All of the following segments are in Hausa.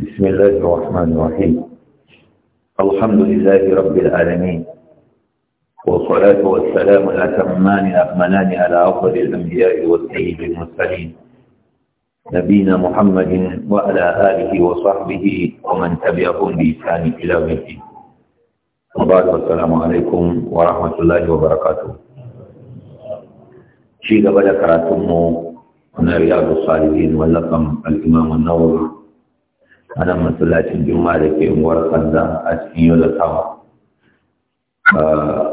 بسم الله الرحمن الرحيم الحمد لله رب العالمين والصلاة والسلام الأتمان الأكملان على أفضل الأنبياء والسيد المرسلين نبينا محمد وعلى آله وصحبه ومن تبعهم بإحسان إلى يوم الدين وبعد السلام عليكم ورحمة الله وبركاته شيخ بدر كراتمو na riyadu salihin wallafan al'imam nawawi a nan matsalacin juma'a da ke unguwar kanda a cikin yau da sama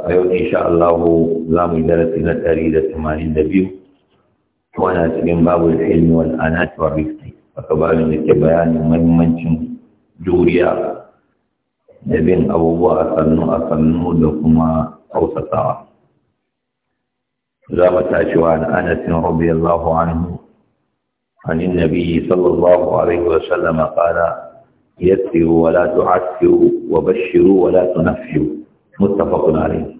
a yau insha Allah za mu yi darasi na ɗari da tamanin da biyu wana cikin babu ilmi wal anat wa rifti a bani da ke bayanin mahimmancin juriya da bin abubuwa a sannu a sannu da kuma kausasawa za mu tashi wa da anasin rabbi Allahu anhu عن النبي صلى الله عليه وسلم قال يسروا ولا تعسروا وبشروا ولا تنفروا متفق عليه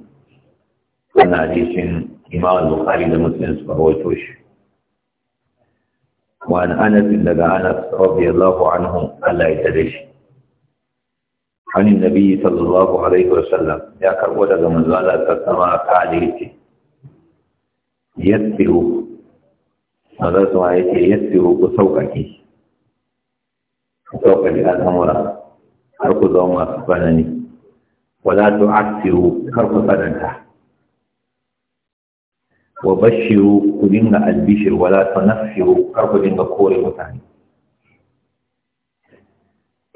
عن حديث إمام البخاري لمسلم فهو توش وعن أنس لدى أنس رضي الله عنه ألا يتدش عن النبي صلى الله عليه وسلم يا كرودة من زالة تسمى تعليتي يسروا maza su waye ce yassiru ku sauƙaƙe ku sauƙaƙe al'amura har ku zama masu tsanani wala tu asiru kar ku tsananta wa bashiru ku dinga albishir wala tu nafsiru kar ku dinga kore mutane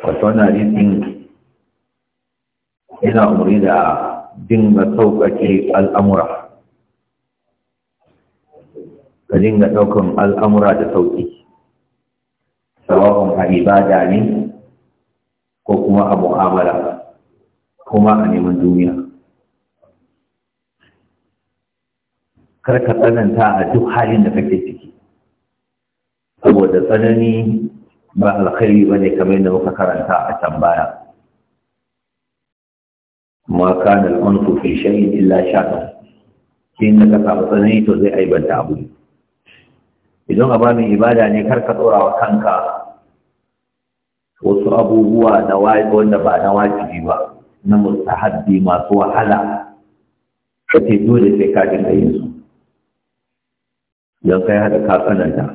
wato na hadisin yana umarni da dinga sauƙaƙe al'amura ka dinga ɗaukan al'amura da sauƙi sawa'un a ibada ne ko kuma a mu'amala kuma a neman duniya kar ka tsananta a duk halin da kake ciki saboda tsanani ba alkhairi ba ne kamar yadda muka karanta a can baya ma kanar wani kufin shay'in illa sha shaqa shi da ka samu tsanani to zai aibanta abu ne. idan a babin ibada ne kar ka ɗora wa kanka wasu abubuwa na wanda ba na wajibi ba na mustahabbi masu wahala ka ce dole sai ka dinga yin su idan kai hada ka tsananta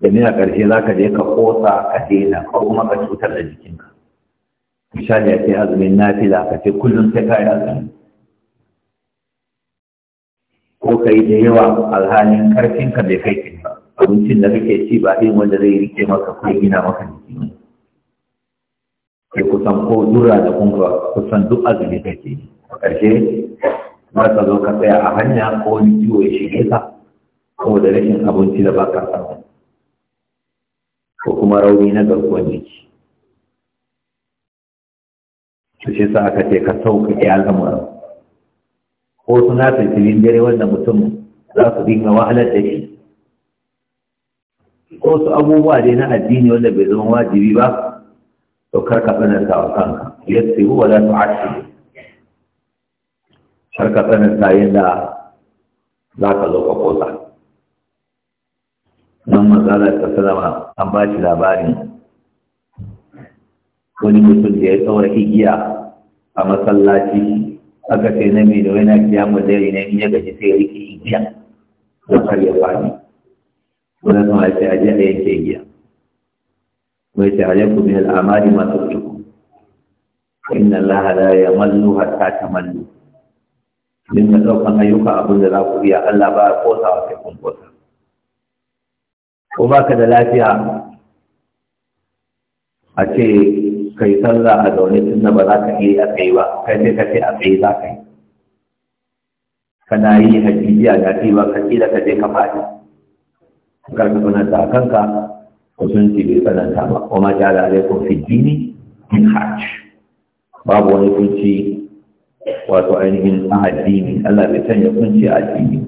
domin a ƙarshe za ka je ka ƙosa ka daina ko kuma ka cutar da jikinka misali a ce azumin nafila ka ce kullum sai ka yi azumi ko ka yi da yawa alhalin ka bai kai kin ba abincin da kake ci ba ɗin wanda zai rike maka ko gina maka jiki ne Kai kusan ko dura da kunga kusan duk azumi kake yi a ƙarshe za ka zo ka tsaya a hanya ko wani ciwo ya shige ka ko da rashin abinci da ba ka samu ko kuma rauni na garkuwar jiki to shi sa aka ce ka sauƙaƙe al'amuran ko suna filfilin dare wanda mutum za su dinga wahalar da shi ko su abubuwa dai na addini wanda bai zama wajibi ba to kar ka tsananta wa kanka yassiru wala tu'assir kar ka da yadda za ka zo ka kosa nan mazalar ta salama an ba shi labarin wani mutum da ya tsawar igiya a masallaci aka ce na mai da wani ya mu dare ne in ya gaji sai ya rike igiya don har ya fadi wani sun haifi a jiya yanke igiya wai ta alaikum min al'amali ma ya inna har ta ta mallu. tamallu dinga ɗaukan ayyuka abin da za ku iya Allah ba a kosa wa sai kun kosa ko ba ka da lafiya a ce kai sallah a zaune tun da ba za ka iya a ba kai sai ka ce a kai za ka yi kana yi hajjiya a kai ba ka kila ka je ka faɗi karka kuna da kanka musulunci bai tsananta ba ma jala alaikum fi dini min hajj babu wani kunci wato ainihin a addini Allah bai sanya kunci a addini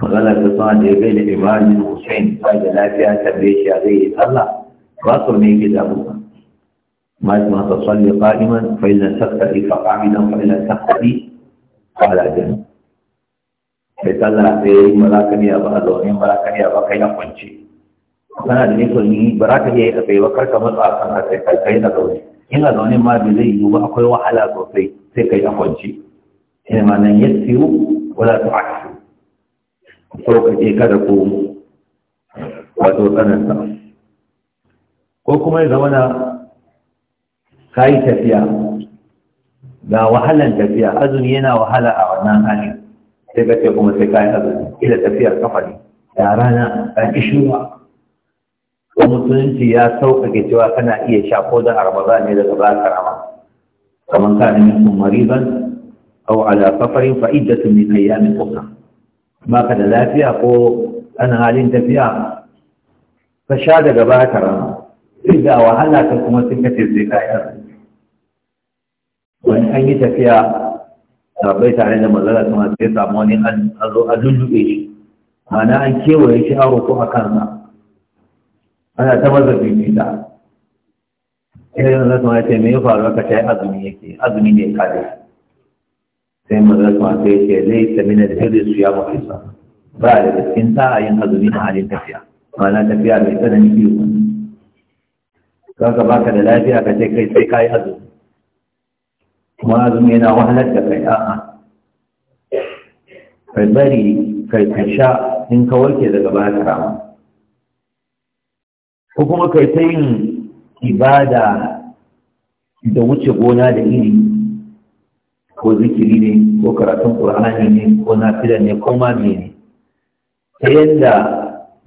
magana ta sa da bai da imanin hussein ba da lafiya tambaye shi a zai yi sallah ba su ne ke damu ba ما اسمها تصلي قائما فإن لم تقتدي فقعدا وإن لم تقتدي فعلى جنب sai sallah sai ba za ba a zaune ba ba kai a kwance kana da nufin yi ba za yi a tsaye kar ka matsa a kan sai kai kai a zaune in a zaune ma zai yiwu akwai wahala sosai sai kai a kwance sai ma nan yassiru wala tu'assiru sauƙaƙe kada ko wato tsananta ko kuma ya zama na ka yi tafiya ga wahalar tafiya azumi yana wahala a wannan hali sai ka ce kuma sai ka yi azumi ila tafiyar kafa ne da rana ka ki shuwa ko musulunci ya sauƙaƙe cewa kana iya sha ko da arbaza ne daga ba karama kamar ka ne minkum mariban aw ala safarin fa iddatu min ayyamin ukhra ka da lafiya ko ana halin tafiya ka sha daga ba karama duk da wahala ka kuma sun kace sai ka yi azumi an yi tafiya sabai tare da manzala sama sai samu wani an zo a lullube shi mana an kewaye shi an roƙo a kansa ana ta maza bibita ina manzala sama ya ce me ya faru aka ce azumi yake azumi ne kare sai manzala sama sai ya ce zai tamina da hirin su ya mafi sa ba da gaskin a yin azumi na halin tafiya mana tafiya mai tsanani biyu ka baka da lafiya ka ce kai sai ka yi azumi kuma azumi yana wahalar da kai a'a kai bari kai ka sha in ka warke daga baya ka ko kuma kai ta yin ibada da wuce gona da iri ko zikiri ne ko karatun ƙur'ani ne ko nafila ne ko ma ne ta yadda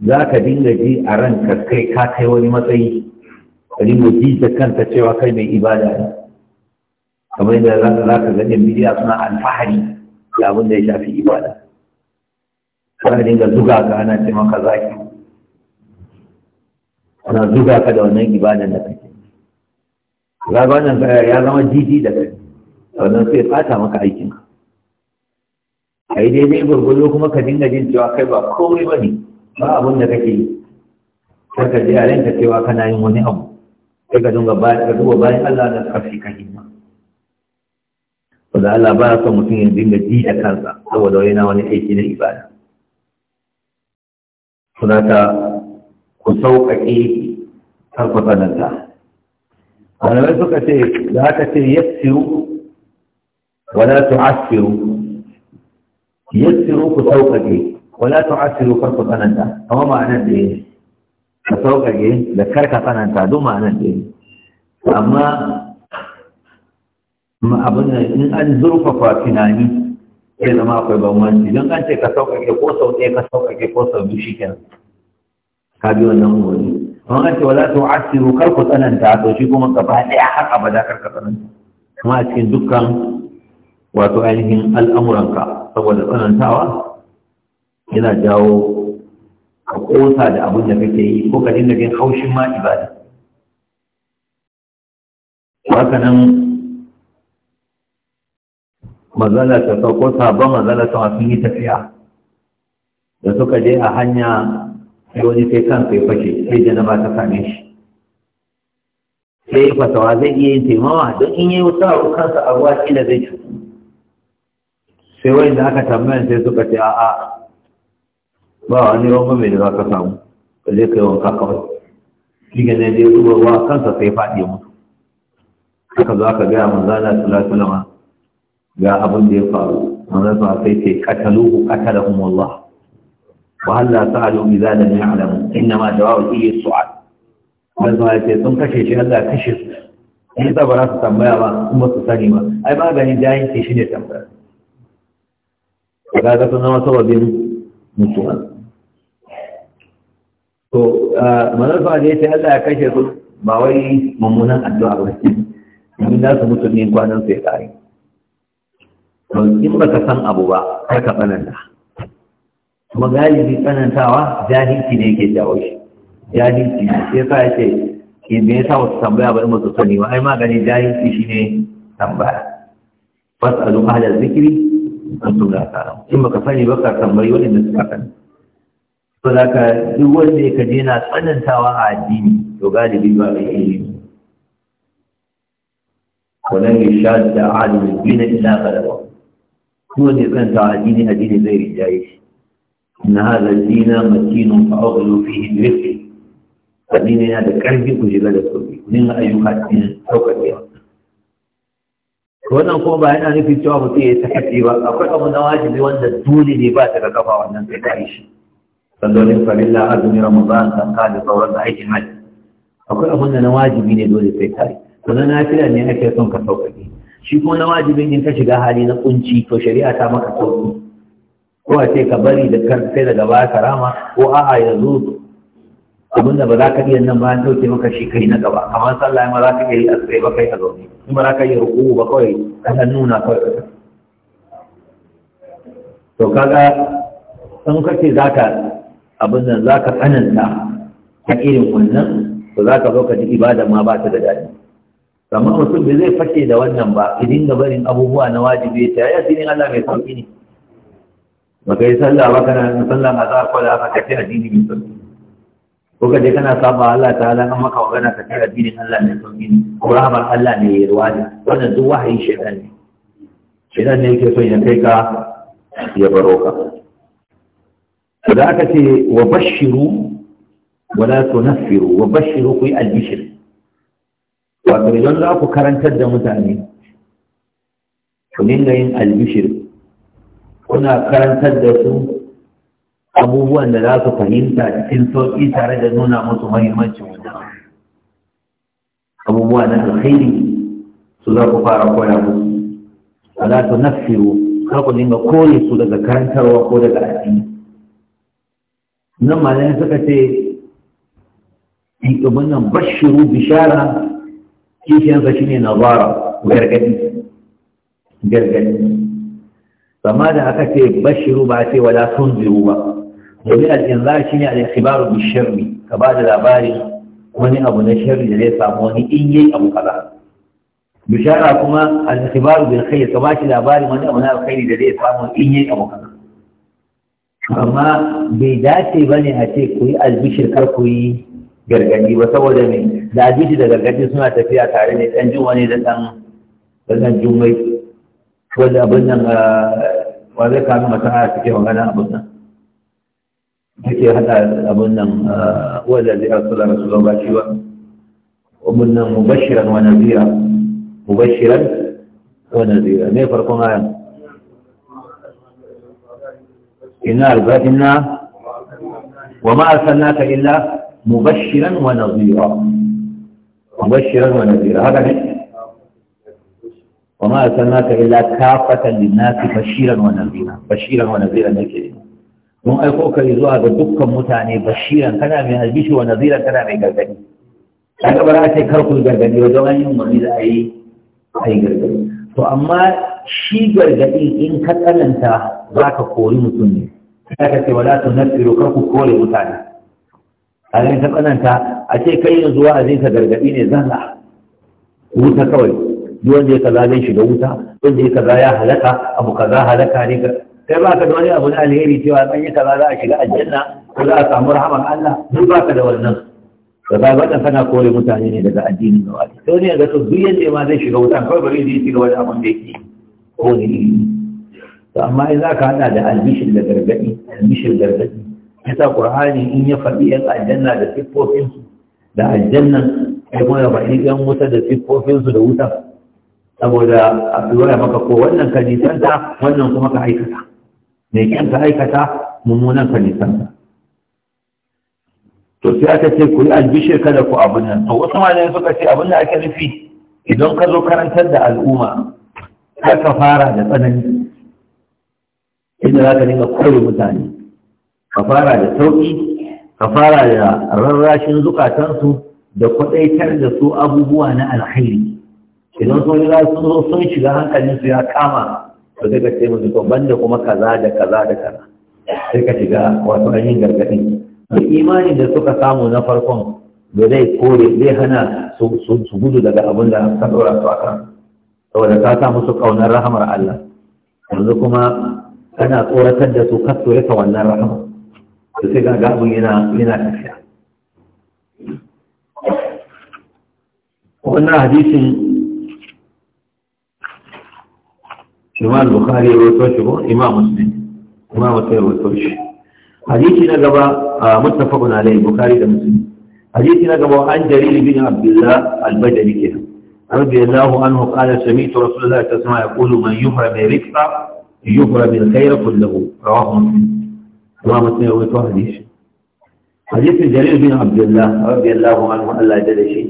za ka dinga ji a ranka kai ka kai wani matsayi ka dinga ji da kanta cewa kai mai ibada ne kamar yadda za ka ga bidiya suna alfahari da abin da ya shafi ibada suna dinga zuga ka ana ce maka zaki ana zuga ka da wannan ibadan da kake ga wannan ya zama jiji da kai wannan sai fata maka aikin ka a yi daidai gwargwado kuma ka dinga jin cewa kai ba komai ba ne ba abin da kake yi kar ka je a ranka cewa kana yin wani abu sai ka dinga bayan ka duba bayan Allah da kafi ka himma wanda Allah ba son mutum ya dinga ji da kansa saboda na wani aiki na ibada sunata ku sauƙaƙe karku tsananta malamai suka ce da haka ce yassiru wala tu'assiru yassiru ku sauƙaƙe wala tu'assiru karku tsananta kama ma'anar da yake ka sauƙaƙe da karka tsananta duk ma'anar da yake amma Ma abin da in an zurfafa tunani zai zama akwai bambanci don an ce ka sauƙaƙe ko sau ɗaya ka sauƙaƙe ko sau biyu shikenan ka bi wannan wani amma an ce wala tu'assiru kar ku tsananta to shi kuma gaba ɗaya har abada kar ka tsananta kuma a cikin dukkan wato ainihin al'amuranka saboda tsanantawa yana jawo ka ƙosa da abin da kake yi ko ka dinga jin haushin ma ibada haka nan Mazana ta sauko sabon mazana ta sun yi tafiya da suka je a hanya sai wani sai kan ya fashe sai ba ta same shi sai fasawa zai iya yin taimawa don in yi wuta a kansa a ruwa kila zai ci sai wani da aka tambaya sai suka ce a'a ba wani ruwan mai da za ka samu ka je kai wanka kawai shi ne je ruwa kansa sai faɗi mutu haka za ka gaya manzana sallallahu alaihi ga abin da ya faru manzon zuwa sai ce kataluhu qatalahum Allah wa halla sa'alu idza lam ya'lam inna ma dawa'u ilayhi su'al manzon ya ce sun kashe shi Allah kashe su in ba za su tambaya ba kuma su sani ba ai gani, da yake shi ne tambaya ga ga sun zama sababin mutuwa to manzon da ya ce Allah ya kashe su ba wai mummunan addu'a ba domin za su mutu ne kwanan su ya kare in ba baka san abu ba kar ka tsananta kuma galibi tsanantawa jahilci ne yake jawo shi jahilci ne sai sa yake ke eh, me yasa wasu tambaya ba in ba su sani ba ai magani jahilci shine tambaya fasalu ahla zikri antum la ta'lamu in baka sani ba ka tambayi wanda suka sani to da ka duk wanda ka je na tsanantawa a addini to galibi ba mai ilimi ولن يشاد عالم الدين الا غلبه kuma ne tsananta addini addini zai rinjaye shi na hada dina makinun fa'aulu fihi rizqi addini yana da karfi ku shiga da sauki ku dinga cikin wannan kuma ba yana nufin cewa mutum ya yi sakaci ba akwai abu na wajibi wanda dole ne ba ta ga kafa wannan sai ka yi shi sallolin farilla azumi ramadan ka da sauran da aikin hajji akwai abu na wajibi ne dole sai kai. yi to na da ne ake son ka sauƙaƙe shi kuma na wajibin in ka shiga hali na kunci to shari'a ta maka sauki ko a ce ka bari da kar sai daga baya karama ko a'a yanzu abin da ba za ka iya nan ba an dauke maka shi kai na gaba kamar sallah ma za ka iya yi a tsaye ba kai a zaune kuma za ka iya ruku ba kawai ka san nuna kawai to kaga in kace za ka abin nan za ka tsananta ta irin wannan to za ka zo ka ji ibada ma ba ta da daɗi amma mutum da zai fashe da wannan ba ki dinga barin abubuwa na wajibi ya ce ya dinin Allah mai sauki ne ba kai sallah ba kana sallah ma za ka da aka kace addini mai sauki ko ka je kana saba Allah ta ta'ala an maka magana ka ce addinin Allah mai sauki ne ko rahmar Allah ne ya ruwa ne wannan duk wahayin shaytan ne shaytan ne yake son ya kai ka ya baro ka da aka ce wa bashiru wala tunaffiru wa bashiru ku yi albishir wato idan za ku karantar da mutane ku dinga yin albishir kuna karantar da su abubuwan da za su fahimta cikin sauƙi tare da nuna musu mahimmancin wannan abubuwa na alkhairi su za ku fara koya musu za su nafiru kar ku dinga kore su daga karantarwa ko daga addini nan malamai suka ce in nan bashiru bishara kishiyansa shi ne nazara gargadi gargadi amma da aka ce bashiru ba ce wala ziru ba domin al'inzar shi ne al'ikibaru bishirri ka ba da labari wani abu na shirri da zai samu wani in yi abu kaza bishara kuma al'ikibaru bi khair ka ba shi labarin wani abu na alkhairi da zai samu in yi abu kaza amma bai dace ba ne a ce ku yi albishir kar ku yi gargadi ba saboda ne da hadisi da gargadi suna tafiya tare ne dan jin wani da dan da dan ko da abin nan wa zai kanu masana suke magana abin nan take hada abin nan wanda zai rasulullah rasulullah ba shi ba abin nan mubashiran wa nazira mubashiran wa nazira ne farkon ayan inna arba wa ma arsalnaka illa mubashiran wa nazira mubashiran wa nazira haka ne wa ma arsalnaka illa kafatan lin-nasi bashiran wa nazira bashiran wa nazira nake mun aiko kai zuwa ga dukkan mutane bashiran kana mai albishi wa naziran kana mai gargadi kaga bara ce kar ku gargadi wajen an yi umarni da ayi ayi gargadi to amma shi gargadi in ka tsananta za ka kori mutum ne ka ce wala tunfiru kar ku kore mutane ayin ta tsananta a ce kai yanzu azin ka gargaɗi ne la wuta kawai duk wanda ya kaza zai shiga wuta wanda ya kaza ya halaka abu kaza halaka ne kai ba ka da wani abu na alheri cewa an yi kaza za a shiga aljanna ko za a samu rahaman Allah duk ba ka da wannan ka ba ba kana kore mutane ne daga addini ga wani to ne ga to duk yadda ma zai shiga wuta kawai bari zai shiga wani abu da yake ko ne to amma in za ka hada da albishin da gargadi, albishin gargadi. yasa qur'ani in ya faɗi yan aljanna da siffofinsu da aljannan ai kuma ya faɗi yan wuta da siffofinsu da wuta saboda a ya maka ko wannan ka nisanta wannan kuma ka aikata mai kyan ka aikata mummunan ka nisanta to sai aka ce ku yi albishir kada ku abin nan to wasu malamai suka ce abin da ake nufi idan ka zo karantar da al'umma kar ka fara da tsanani inda za ka dinga kore mutane ka fara da sauƙi ka fara da rarrashin zukatansu da kwadaitar da su abubuwa na alhairi idan sun riga sun zo sun shiga hankalinsu ya kama su daga ce musu ban banda kuma kaza da kaza da kaza sai ka shiga wato ainihin gargaɗin da imani da suka samu na farkon da zai kore zai hana su gudu daga abin da ka ɗora su a kan saboda ka sa musu ƙaunar rahamar Allah yanzu kuma kana tsoratar da su kasu rika wannan rahamar da sai ga gabin yana yana tafiya wannan hadisin imam bukhari ya rawaito shi ko imam muslim kuma wata ya rawaito shi hadisi na gaba muttafaqun alayhi bukhari da muslim hadisi na gaba an جرير bin Abdullah al-Badri كده رضي الله عنه قال سمعت رسول الله تسمع يقول من يحرم رفقه يحرم الخير كله رواه مسلم kuma mutum ya wato hadisi hadisin jarir bin abdullah radiyallahu anhu Allah ya dade shi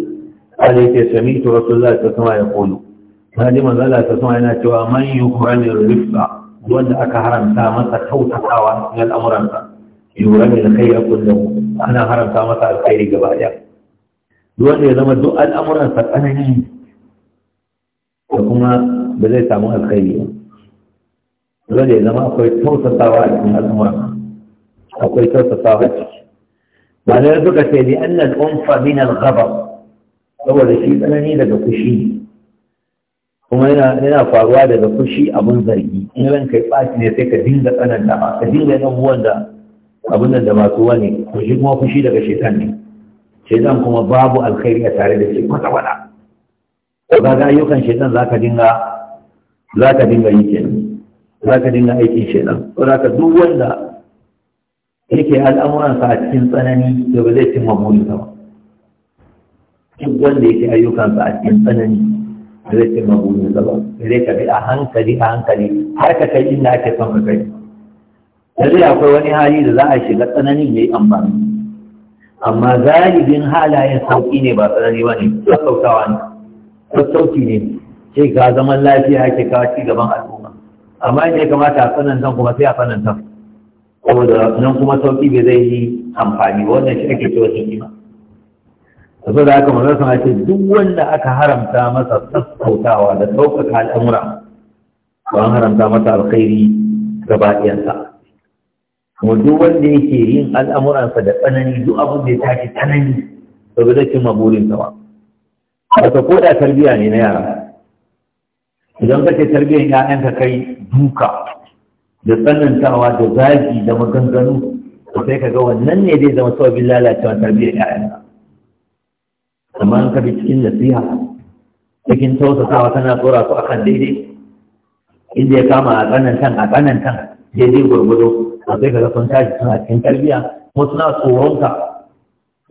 قال يتي سمعت رسول الله صلى الله عليه وسلم قال من الله صلى الله عليه وسلم من يقرن الرفع وان اك حرم سامت توتقاوا من الامر انت يورن الخير كله انا حرم سامت الخير غبايا duwan ya zama duk al'amuran sa tsanani da kuma ba zai samu alkhairi ba dole ya zama akwai tausasawa a cikin al'amuran akwai tausasawa ciki ya suka ce bi annal unfa min al-ghadab saboda shi tsanani daga kushi kuma yana faruwa daga kushi abun zargi in ran kai ɓaci ne sai ka dinga tsananta ba ka dinga yin abubuwan da abun nan da masu wani kushi kuma kushi daga shetan ne shaitan kuma babu alkhairi a tare da shi kwata kwata to ga ayyukan za zaka dinga zaka dinga yi kenan zaka dinga aikin shaitan to zaka duk wanda yake al'amuransa a cikin tsanani da ba zai cimma burinsa ba duk wanda yake ayyukansa a cikin tsanani da zai cimma burinsa ba zai ka bi a hankali a hankali har ka kai inda ake son ka kai lalle akwai wani hali da za a shiga tsananin yayi amfani amma galibin halayen sauki ne ba tsanani ba ne ko sautawa ne Ko sassauci ne sai ga zaman lafiya ke kawo ci gaban al'umma amma in ya kamata a tsanantan kuma sai a tsanantan Kuma da nan kuma sauki bai zai yi amfani wannan shi ake cewa hikima saboda haka manzo sun ce duk wanda aka haramta masa sassautawa da sauƙaƙa al'amura Ba an haramta masa alkhairi gaba ɗayansa kuma duk wanda yake yin al'amuransa da tsanani duk abin da ya tashi tsanani to ba zai cimma burinsa ba wata koda tarbiyya ne na yara idan kake tarbiyyar 'ya'yanka kai duka da tsanantawa da zagi da maganganu da sai ka ga wannan ne zai zama sababin lalacewa tarbiyyar ƴaƴanka amma an kafi cikin nasiha cikin tausasawa kana tsora su akan daidai inda ya kama a tsanantan a tsanantan daidai gwargwado a sai ka ga sun tashi suna cikin tarbiyya kuma suna tsoronka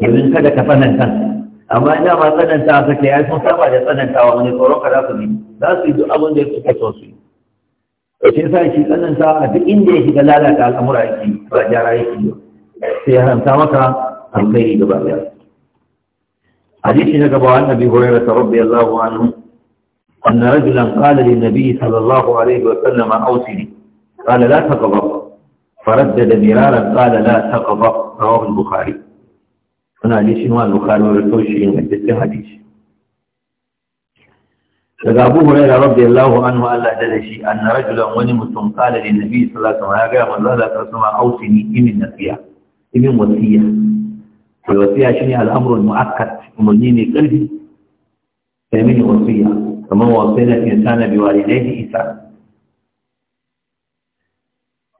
domin kada ka tsanantan amma ina ma tsananta sake ya sun saba da tsanantawa wani tsoron ka za su yi za su yi duk abin da ya suka so su yi sai sa shi kanansa a duk inda ya shiga lalata al'amura yake ba gyara yake yi sai haramta maka alkhairi gaba daya hadisi na gaba wannan bi hurairu ta rabbi Allahu anhu anna rajulan qala lin nabi sallallahu alaihi wa sallam awsini qala la taqaba faradda da mirara qala la taqaba rawahu al-bukhari ana hadisi ma al-bukhari wa rawahu shi in hadisi daga abu hura da rabbi Allah anhu Allah da shi anna rajulan wani mutum qala lin nabi sallallahu alaihi gaya ya ga manzo da kasuma ausini imin nasiya imin wasiya to wasiya shine al'amru mu'akkad kuma yi ne kalbi sai min wasiya kuma wasiya ne ta nabi walidayhi isa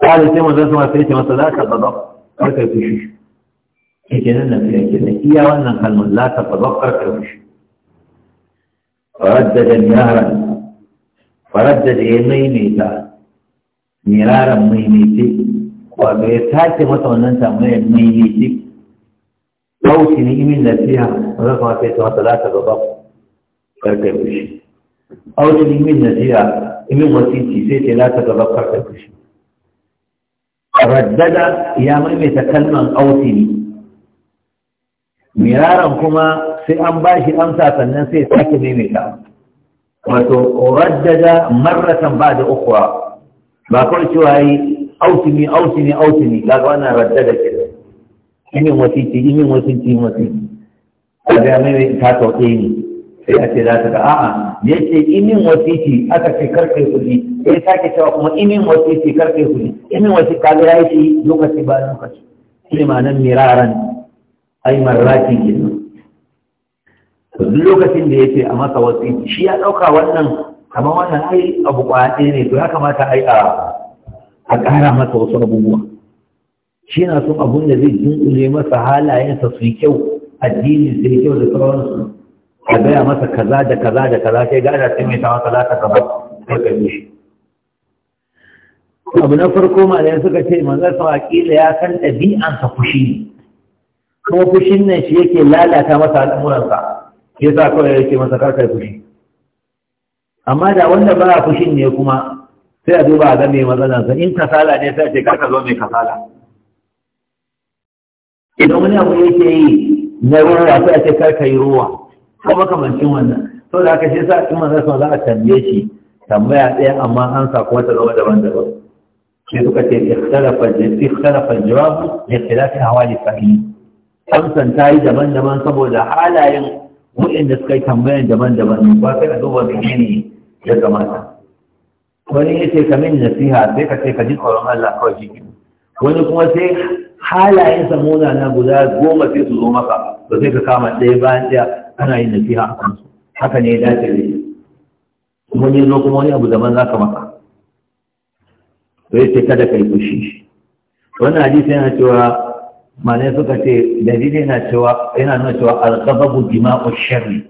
kada sai manzo sai sai ta masa zakar da dab karka fushi kike nan nasiya kike iya wannan kalmar la ta dab karka fushi فردد ya فردد يميميتا مرارا ميميتي wato ya sake masa wannan tambayar mimiti kauci ni imin nasiha wanda kuma sai ta masa za ta gaba karka fushi kauci ni imin nasiha imin wasiti sai ce za ta gaba karka fushi raddada ya maimaita kalman kauci miraran kuma sai an ba shi amsa sannan sai sake maimaita wato raddada marratan ba da ukwa ba kawai cewa yi autini autini autini ga wannan raddada ke imin wasiti imin wasiti imin wasiti kaga mai ta tauke ni sai a ce za ta ga a'a da ce imin wasiti aka ce karkai kuɗi sai sake cewa kuma imin wasiti karkai kuɗi imin wasiti ga ya yi lokaci ba lokaci ma nan miraran ai marrati kenan to duk lokacin da yake a masa watsi shi ya dauka wannan kamar wannan ai abu kwaɗe ne to ya kamata ai a a ƙara masa wasu abubuwa shi na son abun da zai jinkule masa halayensa su yi kyau addini su yi kyau da sauransu a gaya masa kaza da kaza da kaza sai gada sai mai tawa kaza ta gaba ta ka shi abu na farko ya suka ce manzon sa akila ya san ɗabi'ansa fushi ne kuma fushin nan shi yake lalata masa al'amuransa shi yasa kawai yake masa karkar fushi amma da wanda ba fushin ne kuma sai a duba a ga mai matsalansa in kasala ne sai a ce karka zo mai kasala idan wani abu yake yi na ruwa sai a ce karka yi ruwa ko makamancin wannan to da haka shi yasa in manzon sa za a tambaye shi tambaya ɗaya amma an sa kuma ta zama daban-daban sai suka ce ikhtalafa ikhtalafa jawab li ikhtilafi hawali fa'ili amsan ta yi daban-daban saboda halayen da suka yi tambayan daban-daban ba sai ka duba da ne ya kamata wani ya ce ka min nasiha sai ka ce ka ji tsoron Allah kawai shi wani kuma sai halayen samuna na guda goma sai su zo maka ba sai ka kama ɗaya bayan ɗaya ana yin nasiha a kansu haka ne ya dace da shi kuma zo kuma wani abu daban za ka maka to ya ce kada ka yi fushi wannan hadisi yana cewa malai suka ce dalili na cewa yana nuna cewa alghadabu dima'u sharri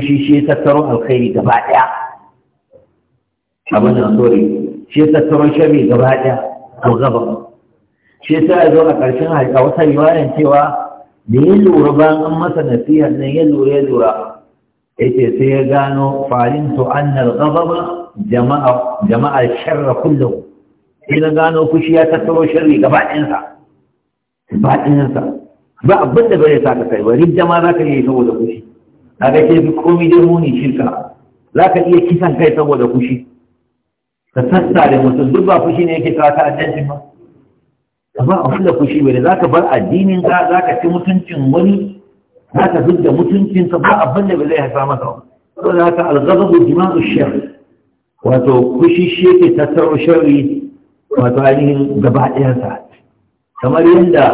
shi shi tattaron alkhairi gaba ɗaya. abin da sorry shi tattaron sharri gaba daya alghadab shi yasa ya zo a ƙarshen haƙa wata riwayar cewa da ya lura bayan an masa nasiha nan ya lura ya lura yace sai ya gano farin to annal ghadaba jama'a jama'a sharra kullu sai gano fushi ya tattaro sharri gaba ɗayansa ba ɗinsa ba abin da bare sa ka kai ba ridda ma za ka iya yi saboda kushi a ga ke komi dai muni shirka za ka iya kisan kai saboda kushi ka sassa da mutum duk ba fushi ne yake kawo ta'addancin ba ka ba abin da fushi bane za ka bar addinin ka za ka ci mutuncin wani za ka zub da mutuncin ka ba abin da ba zai hasa masa ba saboda haka algazabu jima'u shar wato kushi shi yake tattaro sharri wato ainihin gaba ɗayansa kamar yadda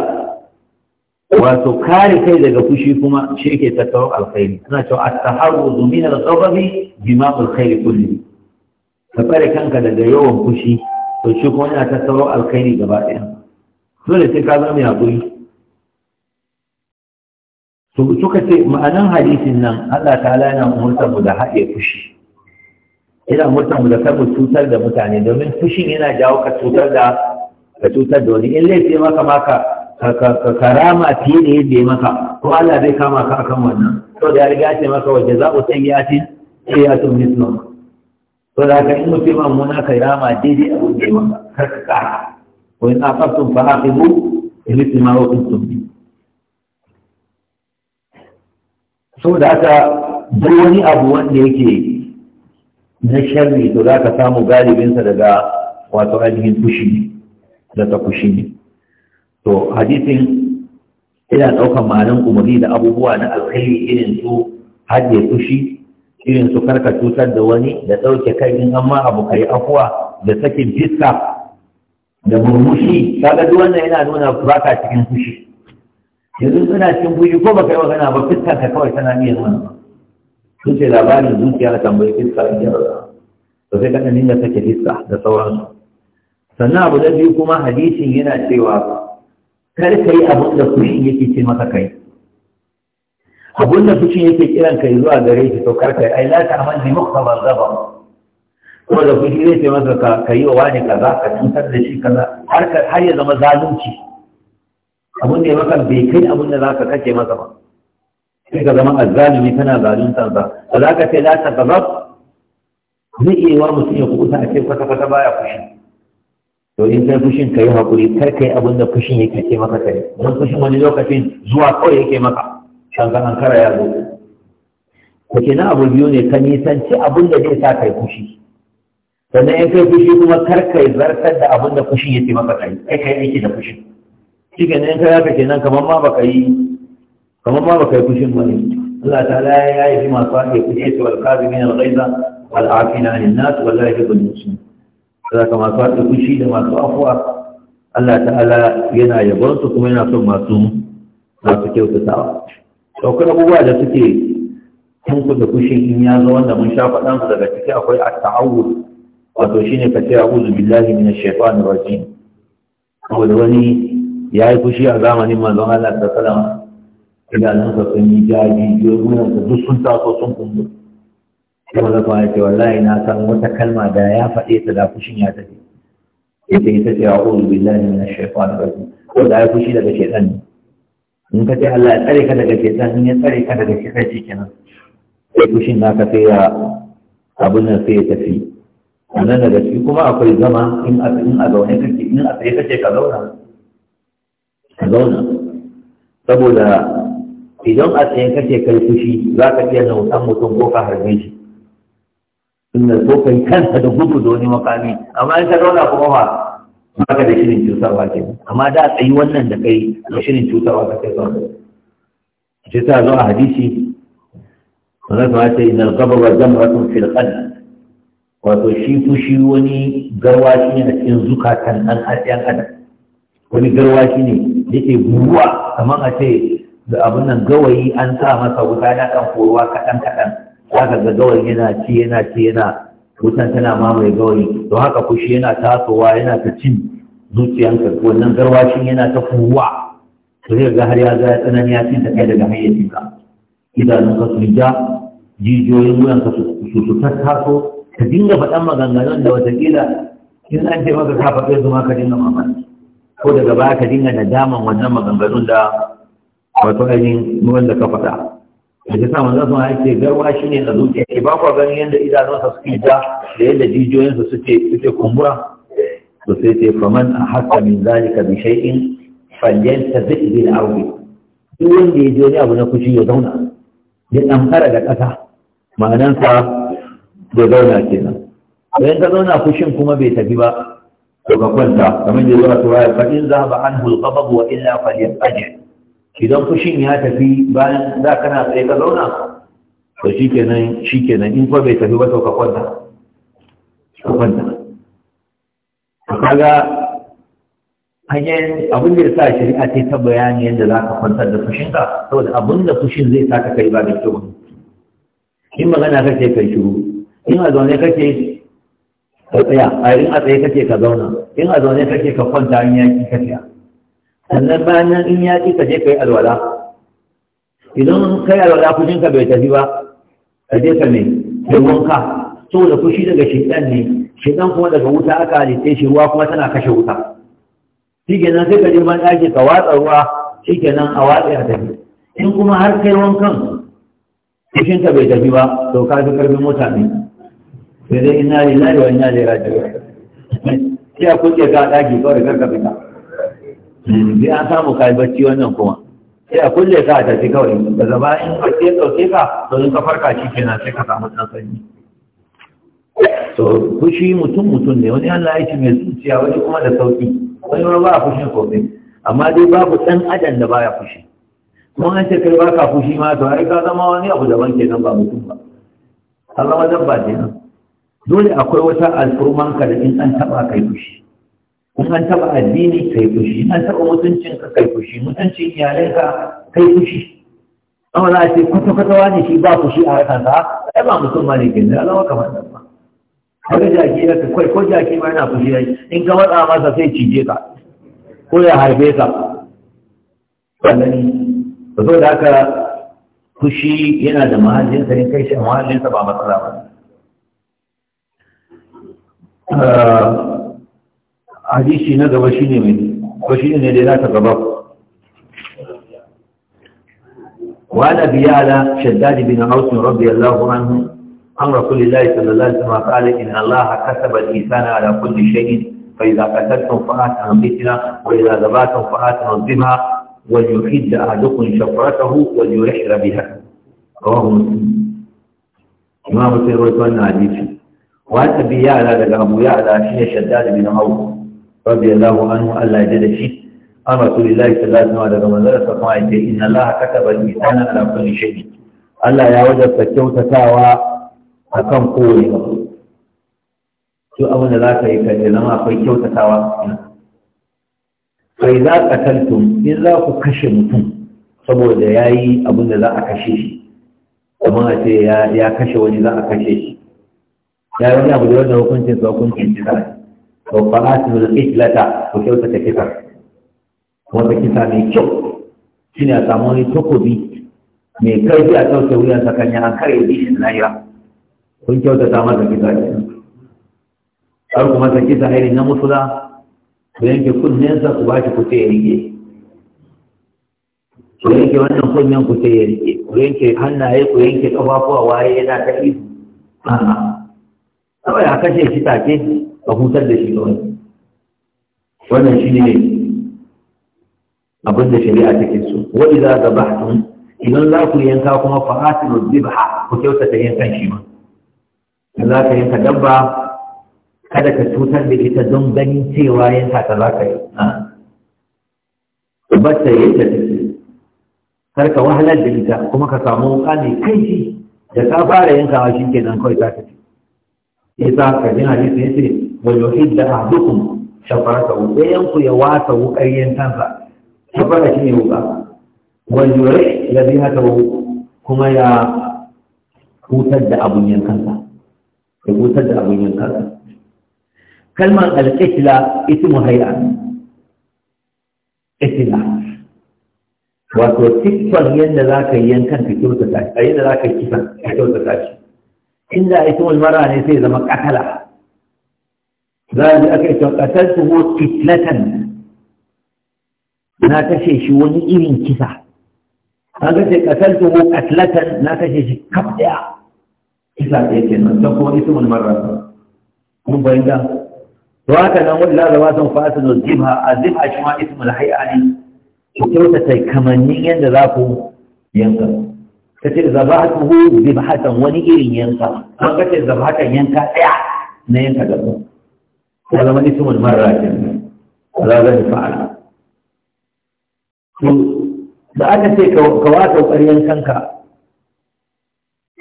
wato kare kai daga fushi kuma shi ke tattaro alkhairi ana cewa at-taharruzu min al-ghadabi bima al-khairi kulli ka tsare kanka daga yawan fushi to shi kuma yana tattaro alkhairi gaba ɗaya dole sai ka zama yaƙuri to suka ce ma'anan hadisin nan Allah ta'ala yana umurtar mu da haɗe fushi yana umurtar mu da kar mu cutar da mutane domin fushin yana jawo ka cutar da ka cutar da wani in laifi maka maka ka karama fiye da yadda ya maka ko Allah zai kama ka akan wannan to da ya riga ce maka sai ya sayyi'atin sayyi'atun ma to da ka in mutum muna ka rama daidai a da ya maka kar ka kara wa in aqabtum fa aqibu bi mithli ma uqibtum bi da haka duk wani abu wanda yake na sharri to za ka samu galibinsa daga wato ainihin fushi da ta kushi ne to hadisin ina ɗaukar ma'anin umarni da abubuwa na alkhairi irin su hajje kushi, irin su karka cutar da wani da ɗauke kai in amma abu kai afuwa da sakin fiska da murmushi kaga duk wannan yana nuna baka cikin fushi yanzu suna cikin fushi ko baka yi magana ba fiskar ka kawai tana iya nuna ba sun ce labarin zuciya a tambayi fiska in yarda to sai ka dinga sake fiska da sauransu sannan abu da biyu kuma hadisin yana cewa kar ka yi abin da fushin yake ce maka kai abin da fushin yake kiran kai zuwa gare shi to kar ka yi ai la ta amal bi muktabar zaba ko da fushi yake ce maka ka kai wa wani kaza ka cutar da shi kaza har ka har ya zama zalunci abin da ya maka bai kai abin da zaka kace masa ba sai ka zama azzalimi kana zalunta sa ba za ka ce la ta gazab zai iya yi wa mutum ya kuɓuta a ce kwata-kwata baya fushi to in kai fushin ka yi haƙuri kar ka yi abin da fushin yake ce maka kai don fushin wani lokacin zuwa kawai yake maka shan an kara ya zo ko kenan abu biyu ne ka nisanci abin da zai sa kai fushi sannan in kai fushi kuma kar ka yi zartar da abin da fushin yake maka kai kai yi aiki da fushin shi ke nan kai haka kenan kamar ma baka yi kamar ma baka yi fushin ba ne Allah ta'ala ya yi masu haɗe fushi su alƙazi min al-ghaiza wal-afina lin-nas wallahi bi-dhunnusin saka masu haɗa kushi da masu afuwa Allah ta'ala yana yabonsu kuma yana son masu masu kyautatawa ɗaukar abubuwa da suke tunku da in ya zo wanda mun sha faɗan su daga ciki akwai at-ta'awud wato shine ka ce a'udhu billahi minash shaitanir rajim saboda wani ya yi kushi a zamanin manzon Allah sallallahu alaihi idanunsa sun yi jaji biyo duk sun taso sun kumbura sai wanda kuma ce wallahi na san wata kalma da ya faɗe ta da fushin ya tafi ita ita ce a'udhu billahi minash shaitanir rajim ko da ya fushi daga shaitan ne in ka ce Allah ya tsare ka daga shaitan in ya tsare ka daga shaitan kenan. sai fushin ka sai ya abun nan sai ya tafi nan daga ciki kuma akwai zama in a in a zaune kake in a tsaye kake ka zauna ka zauna saboda idan a tsaye kake kai fushi za ka iya nautan mutum ko ka harbe shi tunda so kai kansa da gudu da wani makami amma in ka zauna kuma ba baka da shirin cutarwa ke amma da tsayi wannan da kai da shirin cutarwa ka kai zauna ce ta zo a hadisi wanda kuma ce ina gaba wa jamratun fil qalb wato shi fushi wani garwashi ne a cikin zukatan dan adam adam wani garwashi ne yake buruwa kamar a ce da abin nan gawayi an sa masa wuta na kan koruwa kaɗan kaɗan za ka ga gawayi yana ci yana ci yana wutan tana mamaye gawari. don haka fushi yana tasowa yana ta cin zuciyanka wannan garwashin yana ta fuwa to zai ga har ya ga tsanani ya ta kai daga hayyacinka ka su ja jijiyoyin ka su su tattaso ka dinga faɗan maganganun da watakila in an ce maka ka faɗe su ka dinga mamaki ko daga baya ka dinga nadaman wannan maganganun da wato ainihin wanda ka faɗa da ta manzo sun haife garwa shine a zuciya ke ba kwa ganin yadda idanunsa suke ja da yadda jijiyoyinsa suke suke kumbura to sai ce faman a haka min zalika bi shay'in falyan tazik bil ardi duk wanda ya ji wani abu na kuci ya zauna ya damfara da ƙasa ma'anansa da zauna kenan bayan ka zauna kushin kuma bai tafi ba to ka kwanta kamar da zuwa tuwa in za ba an al babu wa illa falyatajir idan fushin ya tafi bayan za kana tsaye ka zauna to shi kenan shi kenan in kuma bai tafi ba to ka kwanta ka kwanta kaga hanyar abin da ya sa shari'a ta ta bayani yadda za ka kwantar da ka saboda abin da fushin zai sa ka kai ba da kyau in magana kake kai shiru in a zaune kake ka tsaya a in a tsaye kake ka zauna in a zaune kake ka kwanta in yaki ka tsaya sannan bayan nan in ya ƙi ka je ka yi alwala idan ka yi alwala fushinka bai tafi ba ka je ka mai da wanka saboda fushi daga shaitan ne shaitan kuma daga wuta aka halitta shi ruwa kuma tana kashe wuta shi kenan sai ka je ban ɗaki ka watsa ruwa shi kenan a watsa ya tafi in kuma har kai wankan fushinka bai tafi ba to ka fi karfin mutane sai dai ina lillahi wa ina ilaihi raji'un sai a kuke ka ɗaki kawai karka fita bi mm, an samu kai bacci wannan kuma sai a kulle ka a tafi kawai daga in bacci ya ɗauke ka to in ka farka shi kenan sai ka samu ɗan sanyi to fushi mutum mutum ne wani Allah ya ce mai zuciya wani kuma da sauki wani ma ba a fushin sosai amma dai babu ɗan adam da baya fushi kuma an ce kai ba ka fushi ma to ai ka zama wani abu daban kenan ba mutum ba Allah ma dabba kenan dole akwai wata ka da in an taɓa kai fushi in an taɓa addini kai fushi in an taɓa mutuncin ka kai fushi mutuncin ka kai fushi amma wani a ce kwata-kwata wani shi ba fushi a harkar sa ai ba mutum ma ne gindi alawa kamar nan ba kaga jaki ya kai ko jaki ma yana fushi ya in ka matsa masa sai cije ka ko ya harbe ka sannan ba zo da haka fushi yana da mahallinsa ne kai shi sa ba matsala ba ah, وعن ابي يعلى شداد بن عوف رضي الله عنه أن رسول الله صلى الله عليه وسلم قال إن الله كسب الإنسان على كل شيء فإذا قتلتم فآتنا بثنا وإذا ذبحتم فآتنا بها وليحد أحدكم شفرته وليرحل بها رواه مسلم ما مسلم رسول الله عزيز وأنا بيالا لك أبو يالا شداد بن عوف رضي الله Allah ya da shi an رسول الله صلى الله daga وسلم sa kuma yace inna Allah كتب al على كل شيء الله Allah ya wajabta kyautatawa akan kowane abu to abin da ka yi kaje nan akwai kyautatawa za idza qataltum in za ku kashe mutum saboda yayi abin da za a kashe shi kamar a ce ya kashe wani za a kashe shi ya yi abu da wanda hukuncin sa hukuncin shi za a wa fa'atul qitlata ku kyautata kisa wata kisa mai kyau shine a samu wani takobi mai karfi a kyauta wuyan sakanya an kare bi shi lahira kun kyautata masa kisa ne har kuma sa kisa irin na musula ku yanke kunnensa ku bashi ku ce ya rike ku yanke wannan kunnen ku ce ya rike ku yanke hannaye ku yanke kafafuwa waye yana ta ihu a'a kawai a kashe shi take ka hutar da shi kawai wannan shi ne abin da shari'a take so Wani za ga ba tun idan za ku yanka kuma fa zuba ha, ku kyautata yankan shi ma za ka yanka dabba kada ka cutar da ita don ganin cewa yanka ta za ka yi ah. bata ta take kar ka wahalar da ita kuma ka samu wuka mai da ka fara yankawa shi kenan kawai za ka ci yasa kajin hadisi yace wa yuhidda ahdukum shafaratahu dayan ku ya wasa wukaryen kansa shafara shi ne wuka wa yuri ladihatahu kuma ya hutar da abun yankansa ya hutar da abun yankansa kalmar alƙitla ismu hay'a ƙitla wato siffar yadda za ka yi yankan ka kyautata shi a yadda za ka yi kisan ka kyautata shi inda ismul mara ne sai zama katala za a ji aka ita kataltu ko kitlatan na kashe shi wani irin kisa an kashe kataltu ko katlatan na kashe shi kaf ɗaya. kisa ɗaya nan don kuma ismul mara mun bayyana haka nan wani laraba sun fasa da zibha a zibha shi ma ismul hay'a ne ku kyautata kamannin yadda za ku yanka ka ce zabatuhu hatan wani irin yanka an ka ce zabatan yanka ɗaya na yanka dabba ya zama ismul can. kenan za zan fa'ala da aka ce ka wata yankan ka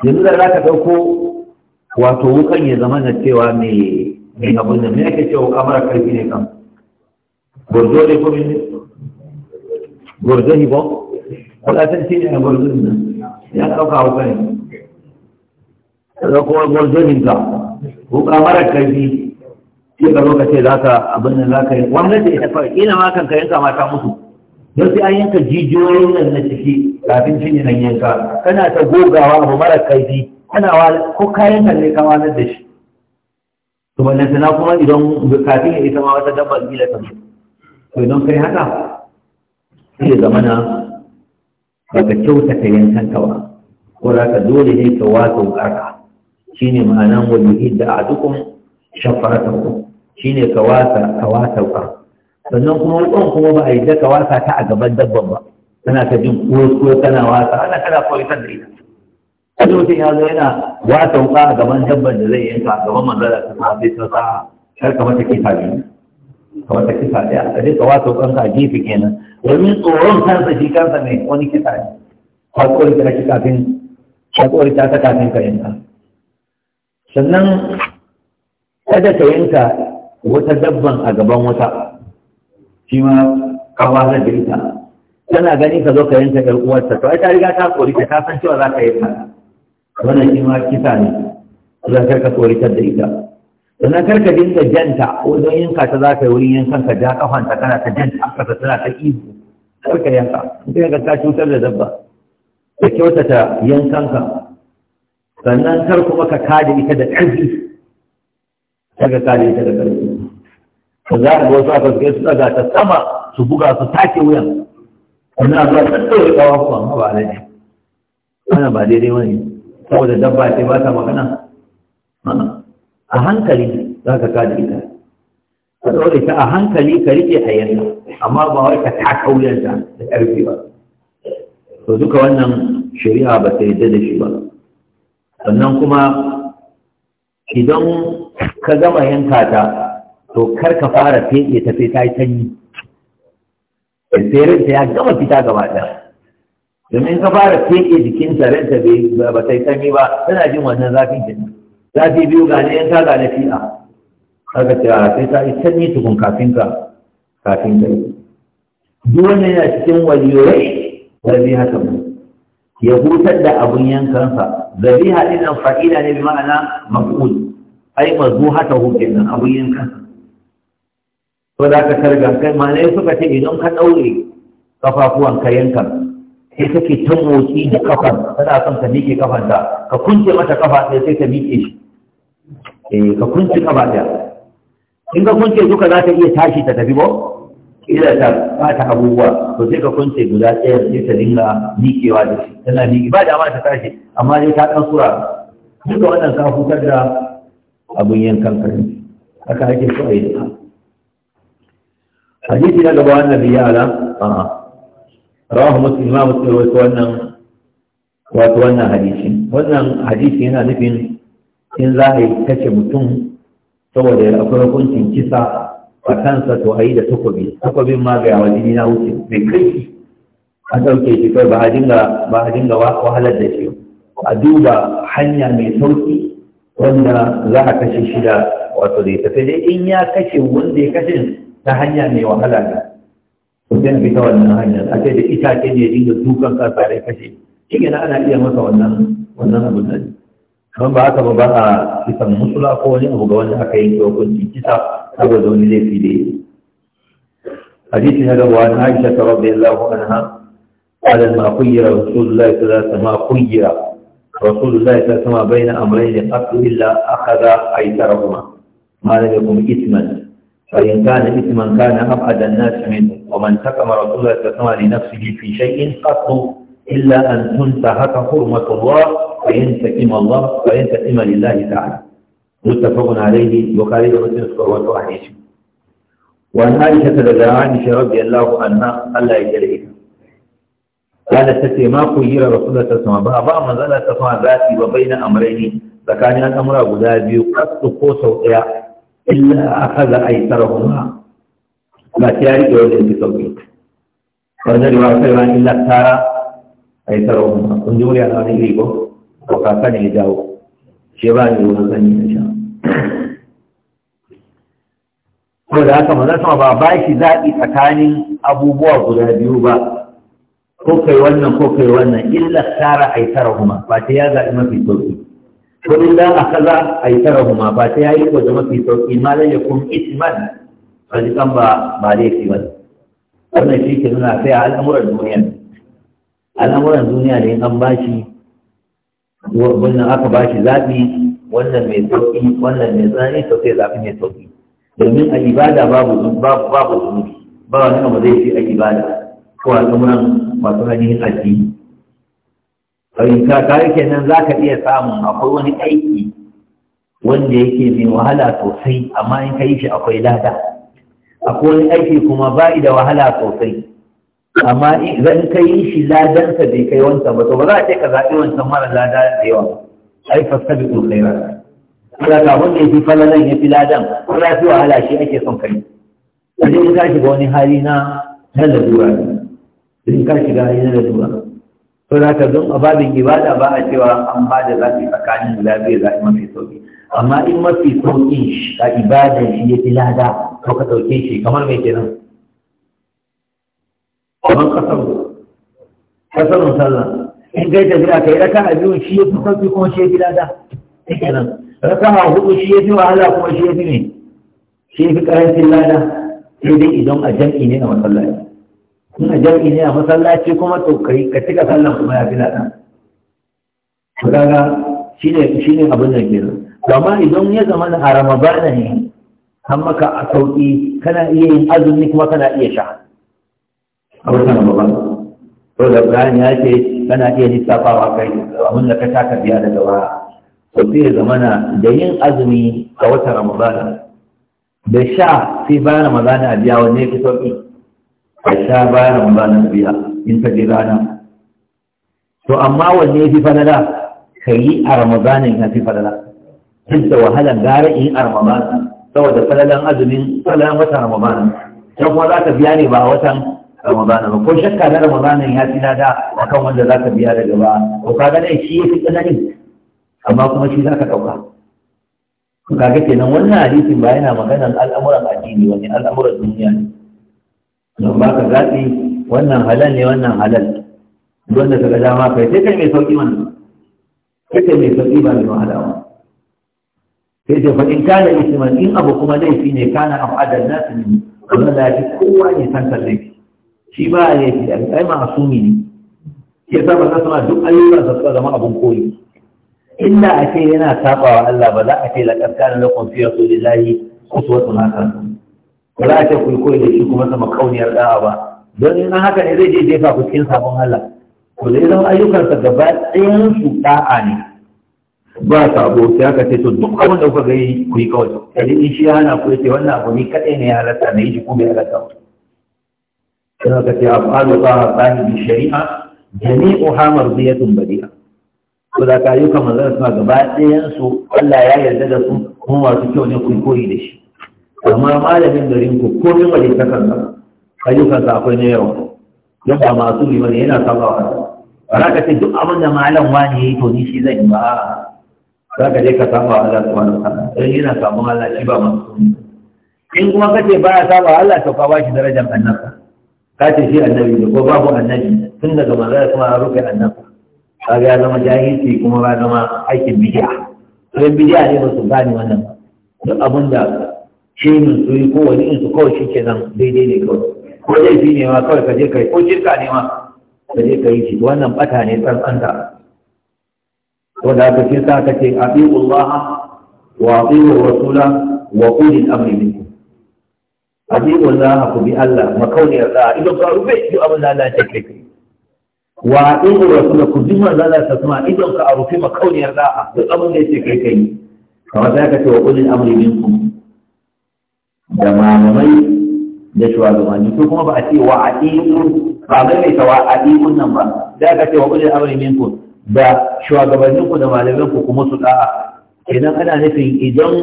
yanzu da za ka ɗauko wato wukan ya zama na cewa mai bunda me ake cewa kamar karfi ne kan gwarzo ne ko mini gwarzo ne ba wadatar shi ne a gwarzo ne ya ɗauka wuka ne daga kuma gwarzonin ka wuka mara karfi ke ka lokacin za ka abin da za ka yi wannan da ita fara ina ma kan ka yanka mata musu don sai an yanka jijiyoyin nan na ciki kafin shi ne nan yanka kana ta gogawa abu mara karfi kana wa ko kayan kan ne ka walar da shi to wannan sana kuma idan kafin ya ita ma wata dabba gila ta to idan kai haka sai zamana Daga kyautata yankan ba ko za ka dole ne ka wato ƙarƙa shi ne ma'anan wajuhi da a dukkan shafarata ku shi ne ka wata ka wata wukar sannan kuma wukan kuma ba a yi daga wata ta a gaban dabban ba tana ta jin ko tana wata ana tana kwalitar da ita wani mutum ya zo yana wata wuka a gaban dabban da zai yanka a gaban manzara ta sa sai ta sa kar ka mata kifa biyu ka mata kifa ɗaya a jika wata wukan ka gefe kenan wani tsoron kansa shi kansa ne wani kisa ne ka ta shi kafin ka ta ta kafin ka yanka sannan kada ka yanka wata dabban a gaban wata shi ma kawa na da ita tana gani ka zo ka yanka ɗan uwarta to ai ta riga ta tsori ta san cewa za ka yanka wannan shi ma kisa ne za karka ka tsori ta da ita sannan kar ka dinga janta ko don yanka ta za ka yi wurin yankan ka ja kafanta kana ta janta aka ta tana ta ihu kar ka yanka in ka yanka ta cutar da dabba ka kyautata ka sannan kar kuma ka kada ita da ƙarfi kar ka kada ita da ƙarfi ka za ka wasu aka suke su daga ta sama su buga su take wuyan sannan zuwa ta ɗaure ƙawar kuma amma ba ne ana ba daidai wani saboda dabba ce ba ta magana a hankali za ka kada ita a ɗaure ta a hankali ka rike a yanzu amma ba wai ka taka wuyanta da ƙarfi ba to duka wannan shari'a ba ta yadda da shi ba sannan kuma idan ka gama yanka ta to kar ka fara feɗe ta sai ta yi sanyi ta ya gama fita gaba ɗaya domin ka fara feɗe jikinta ranta ba ta yi sanyi ba tana jin wannan zafin jini zafi biyu ga ne yan ta ga na fi'a kaga cewa sai ta isa ni tukun kafin ka kafin ka yi duk wannan yana cikin waliyoyi zabi haka mu ya hutar da abun yankansa zabi haɗin nan fa'ila ne ma'ana maf'ul ai mazu haka hukin nan abun yankansa to da ka targa kai ma ne suka ce idan ka ɗaure kafafuwan ka yankan sai take ta motsi da kafan tana son ta miƙe kafan ta ka kunce mata kafa sai sai ta miƙe shi eh ka kunce kafa ta in ka kunce duka za ta iya tashi ta tafi ba ila ta fata abubuwa to sai ka kunce guda ɗaya sai ta dinga miƙewa da shi tana miƙe ba ma ta tashi amma dai ta ɗan sura duka wannan ka hutar da abun yankan karni haka ake so a yi da hadisi na gaba wannan biya a'a rawahu muslim ma muslim wasu wannan wato wannan hadisi wannan hadisi yana nufin in za a yi kashe mutum saboda akwai hukuncin kisa a kansa to a yi da takobi takobin ma ga yawa jini na wuce mai kai a ɗauke shi kai ba a dinga wahalar da shi a duba hanya mai sauki wanda za a kashe shi da wato da tafi dai in ya kashe wanda ya kashe ta hanya mai wahala mutum na ta wannan hanyar a ce da itace ne dinga dukan kansa da kashe shi ne ana iya masa wannan wannan abu nan kamar ba haka ba ba a kisan musula ko wani abu ga wanda aka yi hukunci kisa saboda wani zai da yi hadisi na gaba an aisha ta rabbi allahu anha قال ما خير رسول الله صلى الله عليه وسلم خير رسول الله صلى الله عليه وسلم بين امرين قتل الا اخذ ايسرهما ما لم يكن اثما فإن كان إثما كان أبعد الناس منه ومن سكم رسول الله صلى الله عليه وسلم لنفسه في شيء قط إلا أن تنتهك حرمة الله فينتقم الله فينتقم لله تعالى متفق عليه البخاري ومسلم عليه وسلم وعن عائشة رضي عائشة رضي الله عنها ألا يجريها قالت تتي ما خير رسول الله صلى الله عليه وسلم بابا ما زالت تصنع ذاتي وبين أمرين فكان الأمر أبو ذا قوس قوسه إلا أخذ أيسرهما ما تياري جوزين في صوتك فنجد رواية إلا اختار أيسرهما كنجوري على نجريكو وقاكا نجاو شباني ونزني نشاء ko da haka manzon sama ba ba shi zaɓi tsakanin abubuwa guda biyu ba ko kai wannan ko kai wannan illa tsara aitara kuma ba ta ya zaɓi mafi sauki wani da a kaza a yi tara huma ba ta yayi ko da mafi sauki ma zai ya kun isman rajikan ba ba laifi ba wannan shi ke nuna sai a al'amuran duniya al'amuran duniya ne an ba shi wannan aka ba shi zaɓi wannan mai sauki wannan mai tsanani to sai zaɓi mai sauki domin a ibada babu babu zunubi ba wani abu zai fi a ibada ko al'amuran masu ainihin addini fahimta kare kenan za ka iya samun akwai wani aiki wanda yake mai wahala sosai amma in ka yi shi akwai lada akwai wani aiki kuma ba da wahala sosai amma idan ka yi shi ladansa bai kai wancan ba to ba za a ce ka zaɓi wancan mara lada da yawa ai fasabi ɗin kai ba kuma ka wanda ya fi falalan ya fi ladan ko ya fi wahala shi ake son kai idan ka shiga wani hali na na lalura in ka shiga hali na lalura to za ka zon ababin ibada ba a cewa an ba da zafi tsakanin guda biyu zafi mafi sauki amma in mafi sauƙin a ibada shi ya fi lada to ka ɗauke shi kamar mai kenan kamar kasar kasar sallah in kai tafiya kai raka a biyu shi ya fi sauƙi kuma shi ya fi lada kenan a hudu shi ya fi wahala kuma shi ya fi ne shi ya fi karancin lada sai dai idan a jam'i ne na masallaci Kuna jam'i ne a masallaci kuma to kai ka cika sallan kuma ya fi na to kaga shine shine abin da ke to amma idan ya zama a ramadana ne an maka a sauki kana iya yin azumi kuma kana iya sha a wata ramadana to da bayani ya ce kana iya lissafawa kai abin da ka taka biya da gaba. to sai ya zamana da yin azumi a wata ramadana da sha sai bayan ramadana a biya wanne ya fi sauki Aisha ba na ramadana biya in ta ji rana to amma wanne ya fi falala ka yi a ramadanin ya fi falala duk da wahalar gara in a ramadana saboda falalan azumin falalan watan ramadana don kuma za ka biya ne ba watan ramadana ko shakka na ramadana ya fi lada a kan wanda za ka biya daga ba ko ka ga shi ya fi tsananin amma kuma shi za ka ɗauka kaga kenan wannan hadisin ba yana maganar al'amuran addini wani al'amuran duniya ne don ba ka zaɓi wannan halal ne wannan halal wanda ka ga dama kai sai kai mai sauƙi wannan sai kai mai sauƙi ba mai wahala ba sai ce faɗin kana isman in abu kuma laifi ne kana abu adal nasu ne wanda da fi kowa ne san kan laifi shi ba a laifi a kai ma'asumi ne ya sa ba sama duk ayyukan sa suka zama abun koyi inda a ce yana sabawa Allah ba za a ce la kaskana lakum fi rasulillahi uswatun hasanah ba za a ce ku koyi da shi kuma sama kauniyar da'a ba don in haka ne zai je jefa ku cikin sabon Allah to da idan ayyukansa gaba ɗayan su da'a ne ba sabo sai aka ce to duk abin da kuka ga yi ku yi kawai kaje in shi hana ku ce wannan abu ne kadai ne ya halatta yi shi kuma ya halatta ba sai aka ce afalu ta'a sahibi shari'a jami'uha mardiyatun badi'a ko da ka ayyukan manzon suna gaba ɗayan su Allah ya yarda da su kuma masu kyau ne ku koyi da shi amma malamin garin ku ko ne wani takan ba ayyukan sa akwai ne yawa don ba masu liman yana saba wa ba za ka ce duk abin da malam wani yayi to ni shi zan yi ba za ka je ka saba wa Allah subhanahu wa ta'ala don yana samu Allah shi ba masu in kuma ka ce ya saba ba Allah to ka ba shi darajar annabi ka ce shi annabi ne ko babu annabi tun daga manzara kuma an rufe annabi kaga ya zama jahilci kuma ba zama aikin bid'a sai bid'a ne ba su gane wannan duk abin da shinin su yi ko in su kawai shi ke nan daidai ne kawai ko zai fi ne ma kawai ka je ka yi ko shirka ne ma ka je ka yi shi wannan bata ne tsantsanta wanda aka ce sa ka ce abi'u Allah wa abi'u Rasula wa ulil amri minkum abi'u Allah ku bi Allah makauniyar da idan ka rufe shi abin da Allah ya ce kai wa abi'u Rasula ku bi manzo Allah ta kuma idan ka rufe makauniyar da'a duk abin da ya ce kai kai kamar sai ka ce wa ulil amri minkum da malamai da shugabanni ko kuma ba a ce wa aqimu ba mai mai tawa aqimun nan ba da ka ce wa ulil amri minkum da shugabannin ku da malaman ku kuma su da'a idan ana nufin idan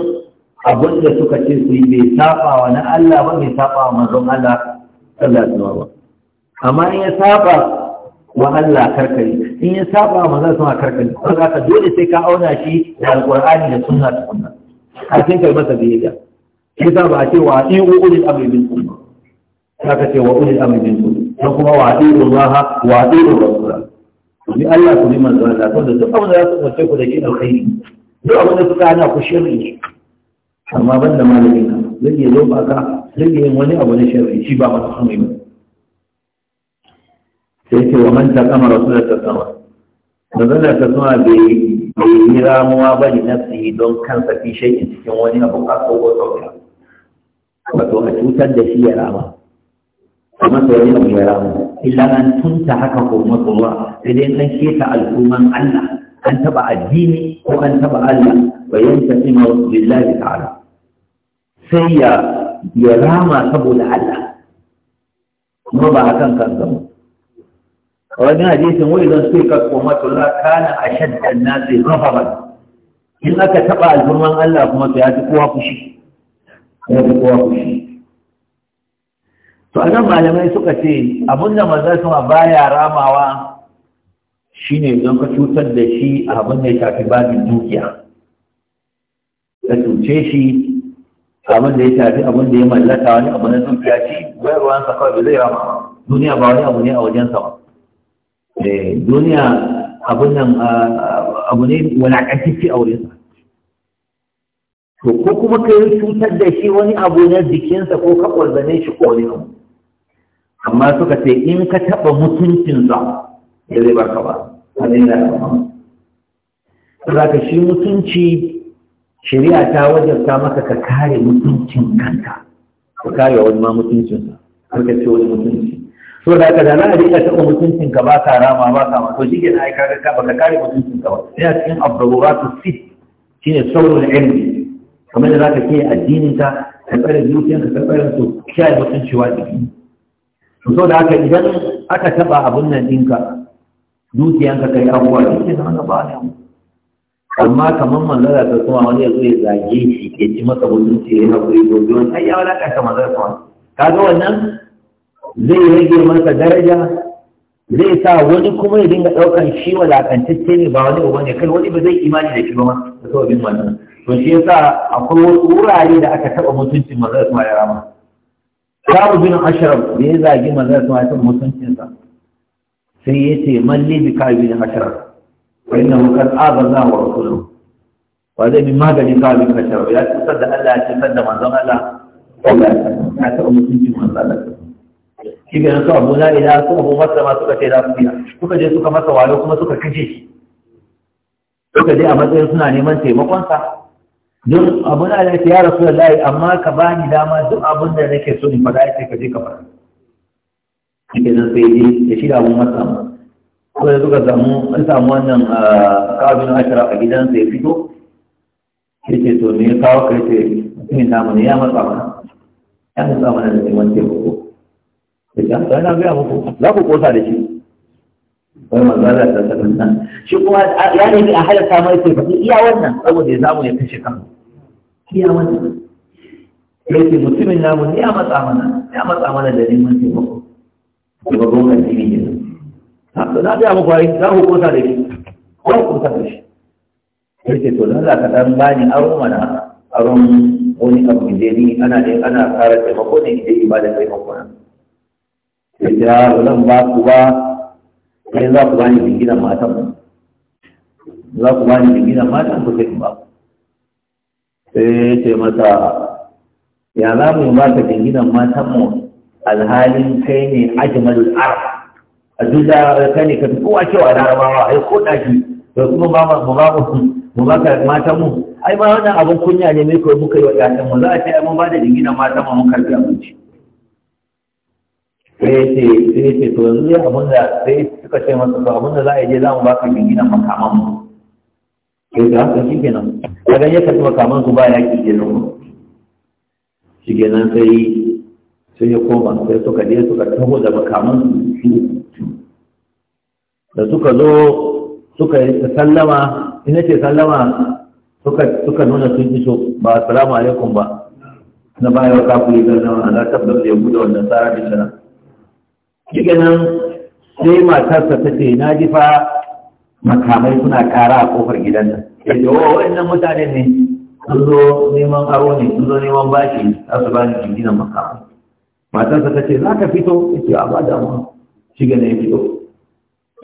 abin da suka ce su yi bai saba wa na Allah ba bai saba wa manzon Allah sallallahu alaihi wasallam amma in ya saba wa Allah karkari in ya saba wa manzon Allah karkari ko za ka dole sai ka auna shi da alqur'ani da sunna a cikin kai masa biyayya kisa ba a ce wa ɗi ulil amri minkum ba ta ka ce wa ulil amri minkum ta kuma wa ɗi ulaha wa ɗi rasula ku bi Allah ku bi manzo da to da duk abin da za su umarce ku da ke alkhairi duk abin da suka hana ku shirin yi. amma ban da malamin ka zai iya zo ba ka zai iya wani abu na shirin shi ba masu hannu ba sai ce wa manta kama rasulun da rasulun suna bai yi ramuwa ba ne na don kansa fi shaikin cikin wani abu a kowace wato a cutar da shi ya rama kamar da wani abu ya rama illa an tunta haka ko matsuwa sai dai an keta al'umman Allah an taba addini ko an taba Allah bayan tasima billahi ta'ala sai ya ya rama saboda Allah kuma ba akan kan gama wani hadisin wani zan sai ka koma to la kana ashadda an-nas ghafaran in aka taba alfurman Allah kuma to ya ji kowa fushi ya fi kowa shi. to a nan malamai suka ce abin da maza suna baya ramawa shine don ka cutar da shi abin da ya shafi babin dukiya ka cuce shi abin da ya shafi abin da ya mallaka wani abu na dukiya ruwan bayarwansa kawai ba zai rama duniya ba wani abu ne a wajensa ba eh, duniya abun nan abu ne wulakantacce a wurinsa to ko kuma ka yi cutar da shi wani abu na jikinsa ko ka ƙwarzane shi ko amma suka ce in ka taɓa mutuncinsa ya zai barka ba a zai da kama za ka shi mutunci shari'a ta ta maka ka kare mutuncin kanka ka kare wani ma mutuncinsa har ka ce wani mutunci so da ka zana a rika taɓa mutuncinka ba ka rama ba ka mato shi ke na aika ka baka kare mutuncinka ka ba yana cikin abdurratu sit ne saurul ilmi kamar da za ka ke addinin ka karɓar zuciyar ka karɓar su kiyaye mutuncewa jiki to so da haka idan aka taɓa abun nan ɗinka zuciyar ka kai abuwa duk ke zama ba ne amma kamar manzara ta kuma wani ya zo ya zage shi ke ci masa ce ya haƙuri gobe wani ai ya wadatar ka manzara ta ka kaga wannan zai rage masa daraja zai sa wani kuma ya dinga ɗaukar shi wadatantacce ne ba wani uba ne kai wani ba zai imani da shi ba ma da sababin wannan to shi yasa akwai wasu wurare da aka taɓa mutuncin manzon sama ya rama Sabu bin Ashraf da ya zagi manzon sama ya taɓa mutuncinsa sai ya ce malli bi ka bin Ashraf wa innahu qad azaza wa rasuluhu wa zai bi maganin ka bin Ashraf ya tsada sadda Allah ya ce sadda manzon Allah Allah ya taɓa mutuncin maza Allah shi ga nasu abu na ila su abu masa ma suka ce za su biya suka je suka masa wayo kuma suka kashe shi suka je a matsayin suna neman taimakonsa duk abin da yake ya rasu da amma ka bani dama duk abin da nake so in faɗa yake ka je ka faɗa yake nan sai je ya shi mun masa ko da suka samu an samu wannan ah, kawabin ashira a gidansa ya fito ya ce to ne ya kawo ka ce ya namu ne ya matsa mana ya matsa mana da neman taimako ya ce an biya muku za ku kosa da shi wai manzo ta ta nan? shi kuma ya ne a halatta mai sai faɗi iya wannan saboda ya zamu ya kashe kan iya wannan yake mutumin namu ne ya matsa mana ya matsa mana da neman taimako da ba gwamnati ne ne na ga muku ai za ku kusa da shi ko ku kusa da shi yake to dan Allah ka dan bani aro mana aron wani abu da ni ana ne ana fara taimako ne idan ibada taimako na ya zan ba ku ba sai za ku bani bingiran matan za ku bani bingiran matan ku sai ba sai ce masa ya za mu ba ka bingiran matan mu alhalin kai ne ajmal arab a duk kai ne ka fi kowa cewa larabawa ai ko daki to kuma ba mu ba mu ba ka matan mu ai ba wannan abin kunya ne mai kawai muka yi wa ƴaƴan mu za a ce ai mun ba da jingina matan mu mun karbi abinci sai ce sai ce to yanzu ya abin da sai suka ce masa to abin da za a je za mu ba ka gina makaman mu sai ga haka shi kenan ganye ka karɓi makaman su ba ya yaƙi kenan shi kenan sai sai ya koma sai suka je suka taho da makaman su da suka zo suka yi sallama ina ce sallama suka suka nuna sun iso ba assalamu alaikum ba na bayar kafin yi zama na tabbatar da ya bude wannan tsara da shara Diga nan sai matarsa ta ce na ji fa makamai suna kara a kofar gidan nan. Sai da oh, wa nan mutane ne sun zo neman aro ne sun zo neman bashi za su bani jinginan makamai. Matarsa ta ce za ka fito ya ce a ba mu shi na ya fito.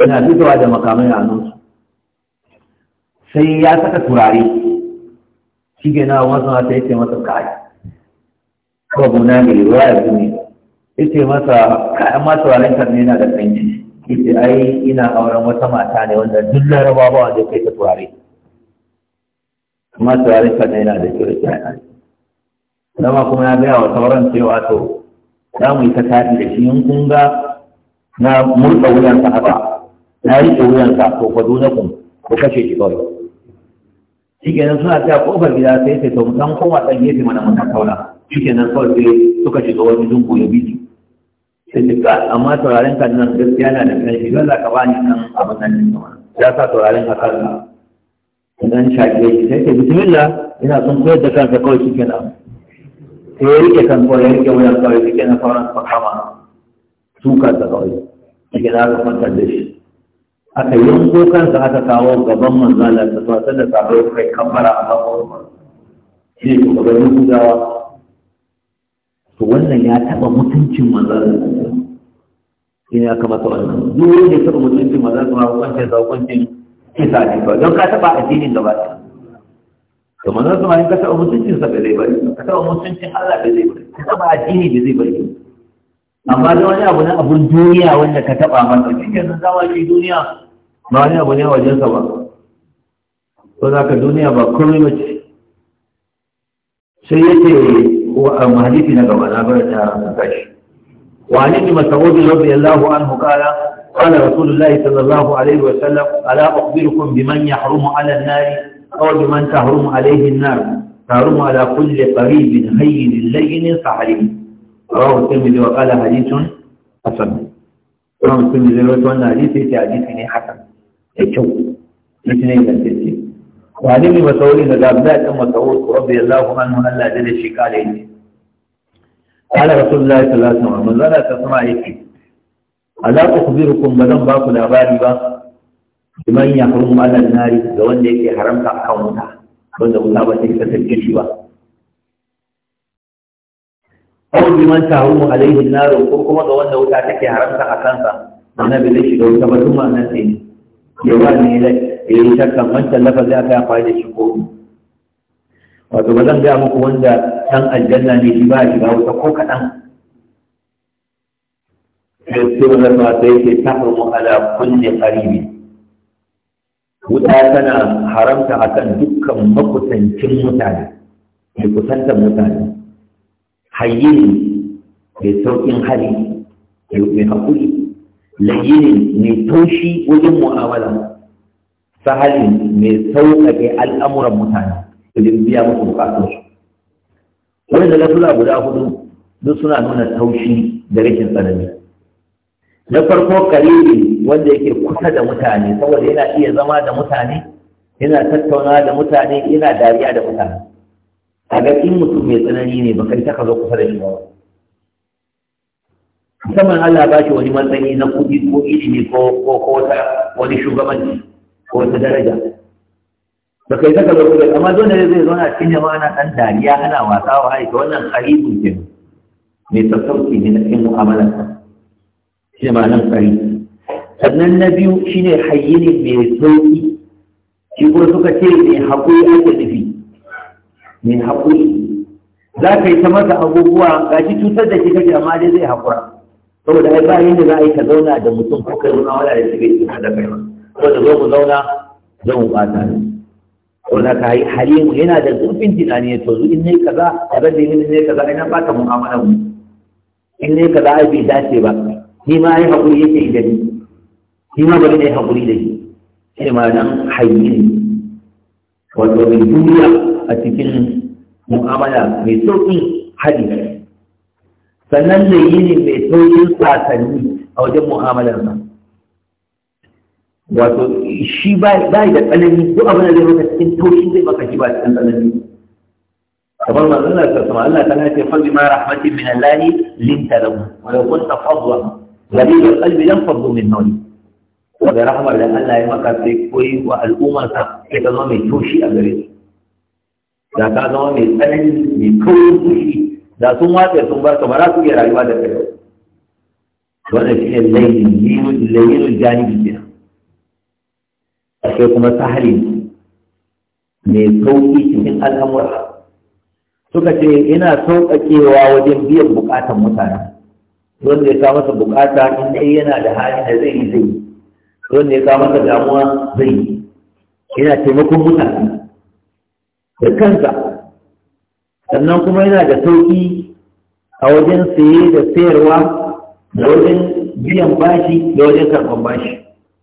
Ina fitowa da makamai a hannunsu. Sai ya saka turare shi ke na wasu mata ya ce masa kai. kuma na mai ruwa ya ne yace masa kai masu turaren karni yana da sanyi yace ai ina auren wata mata ne wanda duk laraba ba wanda kai ta turare masu turaren karni yana da kyau yace Zama kuma ya gaya wa sauran cewa to za mu yi ta tafi da shi in kun ga na murɗa wuyansa haka na riƙe wuyansa ko fa na kun ko kashe shi kawai shi kenan suna ta kofar gida sai sai to mu san koma ɗan gefe mana mun kauna shi kenan kawai sai suka shiga wani dungu ya biji sai amma taurarin ka nan gaskiya na da kai don za ka ba ni nan abin nan kuma ya sa taurarin ka nan idan shaƙe shi sai ke bismillah ina son koyar da kansa kawai shi nan sai ya rike kan kawai ya rike wajen kawai shi na sauran su kama su da kawai shi kenan aka kwantar da shi aka yanko kansa aka kawo gaban manzala da sosai da sabo kai kabbara a gaban shi ne yin gudawa wannan ya taɓa mutuncin manzan ina ya kamata wannan duk ne taba taɓa mutuncin manzan su ma hukuncin sa hukuncin kisa ne ba don ka taɓa addinin gaba ɗaya to manzan su in ka taɓa mutuncin sa bai zai bari ka taɓa mutuncin Allah bai zai bari ka taɓa addini bai zai bari amma da wani abu na abun duniya wanda ka taɓa masa shi kenan zama shi duniya ba wani abu ne wajensa ba ko za ka duniya ba komai ba ce sai yake وحديثي نقبل أنا برد نقاش وعن ابن مسعود رضي الله عنه قال قال رسول الله صلى الله عليه وسلم ألا أخبركم بمن يحرم على النار أو بمن تحرم عليه النار تحرم على كل قريب هين لين صحري رواه الترمذي وقال حديث حسن رواه الترمذي وقال حديث حديث حسن يتشوف يتنين wani ne ba sauri da gabi da ɗan masa hoto wanda ya zafi man nuna lajin da shi kare ne ala rasul lai talatin wa manzana ta sama yake za ku ku biru ba bazan ba ku labari ba kiman ya furu na yi ga wanda yake haramta a kan wuta wanda wuta ba ta yi kasance shi ba ko man ta hau haramu alaihin naro ko kuma ga wanda wuta take haramta a kansa na bilin shi shiga wuta ba tun ma'anar ne yawa ne ya lafi yi eh, shakkan wancan lafazi aka ya fara da shi ko wato ba zan gaya muku wanda dan aljanna ne shi ba shi ba wuta ko kaɗan sai wannan ma sai ce ta mu ala kulli qaribi wuta tana haramta akan dukkan makusancin mutane mai kusantar mutane hayyin mai sauƙin hali mai haƙuri layyin mai taushi wajen mu'amala sahali mai sauƙaƙe al'amuran mutane su biya musu bukatunsu wani da lafula guda hudu duk suna nuna taushi da rikin tsanani na farko karibi wanda yake kusa da mutane saboda yana iya zama da mutane yana tattauna da mutane yana dariya da mutane a ga in mutum mai tsanani ne ba kai ka zo kusa da shi ba musamman Allah ba shi wani matsayi na kuɗi ko ilimi ko ko wata wani shugabanci a wata daraja ba kai saka zo amma dole ne zai zauna cikin jama'a na dan dariya ana wasa wa aika wannan qaribun ke mai sassauci ne na cikin mu'amala shi ne ma'anar qarib sannan na biyu shine hayyini mai sauki shi kuma suka ce mai haƙuri ake nufi mai haƙuri za ka yi ta masa abubuwa ga shi cutar da shi kake amma dai zai haƙura saboda ai ba yadda za a yi ka zauna da mutum ko kai wani wala da shi bai cutar da kai ba ko da zo ku zauna zan mu bata ne ko da ka yi halimu yana da zurfin tunani ya to in ne kaza a da ne ne kaza ina bata mu'amalar mu in ne kaza ai bai dace ba ni ma ai hakuri yake idan ni ma bari ne hakuri da shi sai ma nan hayyin wato mai duniya a cikin mu'amala mai sauƙin hali sannan da yini mai sauƙin sasanni a wajen mu'amalarsa wato shi ba yi da tsanani duk abin da zai maka cikin taushi zai maka shi ba cikin tsanani kamar ma Allah ta sama Allah ta nace fa bima rahmatin min Allah linta lahu wa law kunta fadwa ghalib al-qalbi lam fadhu min nawli wa da rahmar da Allah ya maka sai koyi wa al'umma ta sai ka zama mai taushi a gare su da ka zama mai tsanani mai kaurin fushi da sun watsa sun bar ka ba za su iya rayuwa da kai wannan shi ne layin layin janibi kenan sai kuma sahalin mai sauƙi cikin al'amura suka ce ina sauƙaƙewa wajen biyan buƙatan mutane wanda ya sa masa buƙata in dai yana da hali da zai yi zai wanda ya sa masa damuwa zai yi Ina taimakon mutane da kansa sannan kuma yana da sauƙi a wajen saye da sayarwa da wajen biyan bashi da wajen karɓar bashi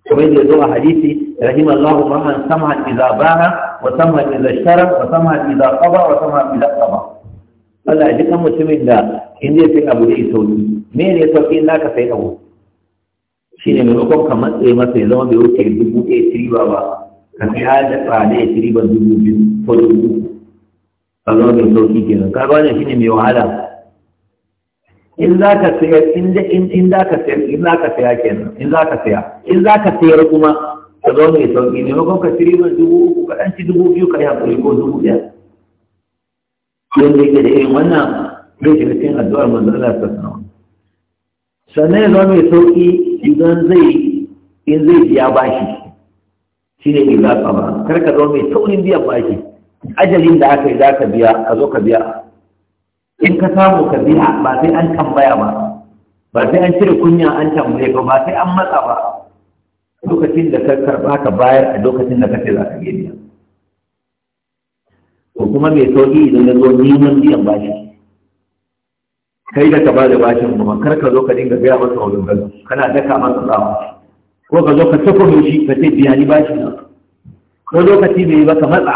kamar yadda zo a hadisi rahim Allahu! rahman sama idza baha wa sama idza shara wa sama idza qada wa sama idza qada Allah ya kan mutumin da in zai sai abu zai sauki me ne sauki na ka sai abu shine maimakon ka matsayi masa ya zama bai wuce dubu ɗaya tiriba ba ka sai har da tsada ya tiriba dubu biyu ko dubu uku ka zama mai sauki kenan ka gane shine mai wahala in za ka sayar in za ka sayar in za ka saya kenan in za ka saya in za ka sayar kuma ka zo mai sauki ne maimakon ka ci mai dubu uku ka ɗan ci dubu biyu ka yi haƙuri ko dubu Don da yake da irin wannan zai shiga cikin addu'ar manzo Allah ta sanawa sannan ya zo mai sauki idan zai in zai biya bashi shi ne mai zaɓa ba kar ka zo mai saurin biyan bashi ajalin da aka yi za ka biya ka zo ka biya in ka samu ka biya ba sai an tambaya ba ba sai an cire kunya an tambaye ba ba sai an matsa ba lokacin da ka karba ka bayar a lokacin da ka ce za ka iya biya ko kuma mai sauƙi idan ya zo neman biyan bashi kai da ka ba da bashin kuma kar ka zo ka dinga biya masa wajen gano kana daka masa tsawa ko ka zo ka tafi mai shi ka ce biya ni bashi na ko lokaci bai ba ka matsa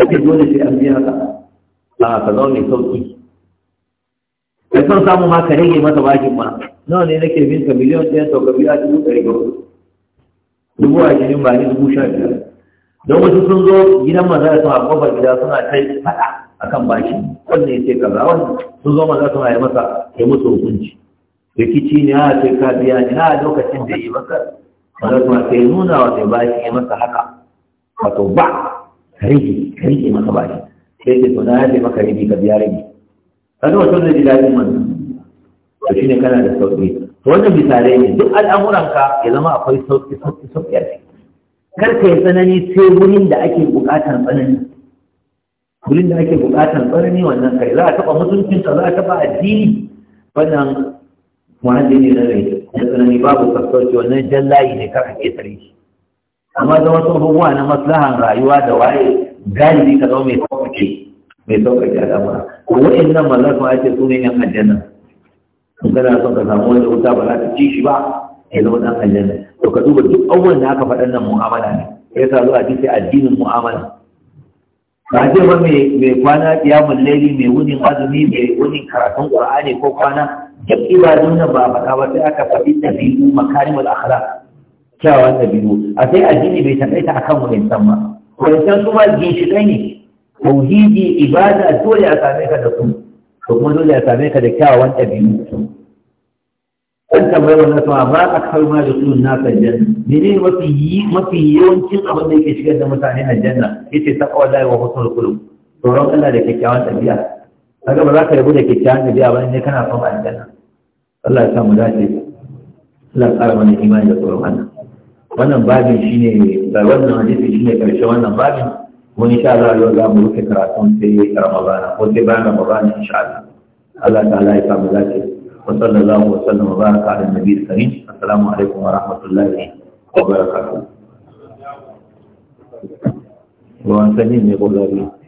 ka ce dole sai an biya ka a ka zo mai sauƙi kai son samu ma ka rage masa bakin ma nawa ne nake bin ka miliyan ɗaya sau ka biya dubu ɗari ga dubu ashirin ba ni dubu sha biyar don wasu sun zo gidan maza su a kofar gida suna kai faɗa akan bashi wannan ya ce za wani sun zo maza suna yi masa ya musu hukunci rikici ne ah, ah, a ce ka biya ne a lokacin da yi masa. maza suna sai nuna wa sai baki ya masa haka wato ba ka rage ka rage masa baki sai ce to na ya maka rage ka biya rage kada wato zai ji daɗin wannan to shine kana da sauƙi to wannan misalai ne duk al'amuranka ya zama akwai sauƙi sauki sauki a ciki kar ka yi tsanani sai wurin da ake buƙatar tsanani wurin da ake buƙatar tsanani wannan kai za a taɓa ka za a taɓa addini wannan wani ne na rai da tsanani babu sassauci wannan jan layi ne kar a ƙetare shi amma zama sun abubuwa na maslahan rayuwa da waye galibi ka zama mai sauƙi mai sauƙaƙe al'amura ko wa'annan maza kuma ake su ne yan aljanna in kana son ka samu wanda wuta ba za ta ci shi ba ya zama ɗan aljanna to ka duba duk abubuwan da aka faɗan nan mu'amala ne ya sa zuwa ce addinin mu'amala ba ce ba mai kwana kiyamun laili mai wunin azumi mai wunin karatun ƙur'ani ko kwana duk ibadun nan ba faɗa ba sai aka faɗi ɗabi'u makarimul akhlaq kyawawan biyu. a sai addini bai taƙaita akan wa'insan ba wa'insan kuma ginshiƙai ne tauhidi ibada dole a same ka da su to kuma dole a same ka da kyawawan ɗabi'u an tambayi nasu sama ba a kawai ma da sunan na aljanna mene mafi mafi yawancin abin da yake shigar da mutane Ya yace ta kawai lai wa husnul qulub tsoron Allah da kyakkyawan ɗabi'a kaga ba za ka rabu da kyakkyawan ɗabi'a ba ne kana son aljanna Allah ya sa mu dace Allah ya ƙara mana imani da tsoron Allah wannan babin shine ga wannan hadisi shine karshe wannan babin mu insha Allah yau za mu rufe karatun sai Ramadana ko sai bayan Ramadana Allah Allah ya samu wa sallallahu wa sallam wa baraka ala nabiyil karim assalamu alaikum wa rahmatullahi wa barakatuh ne ko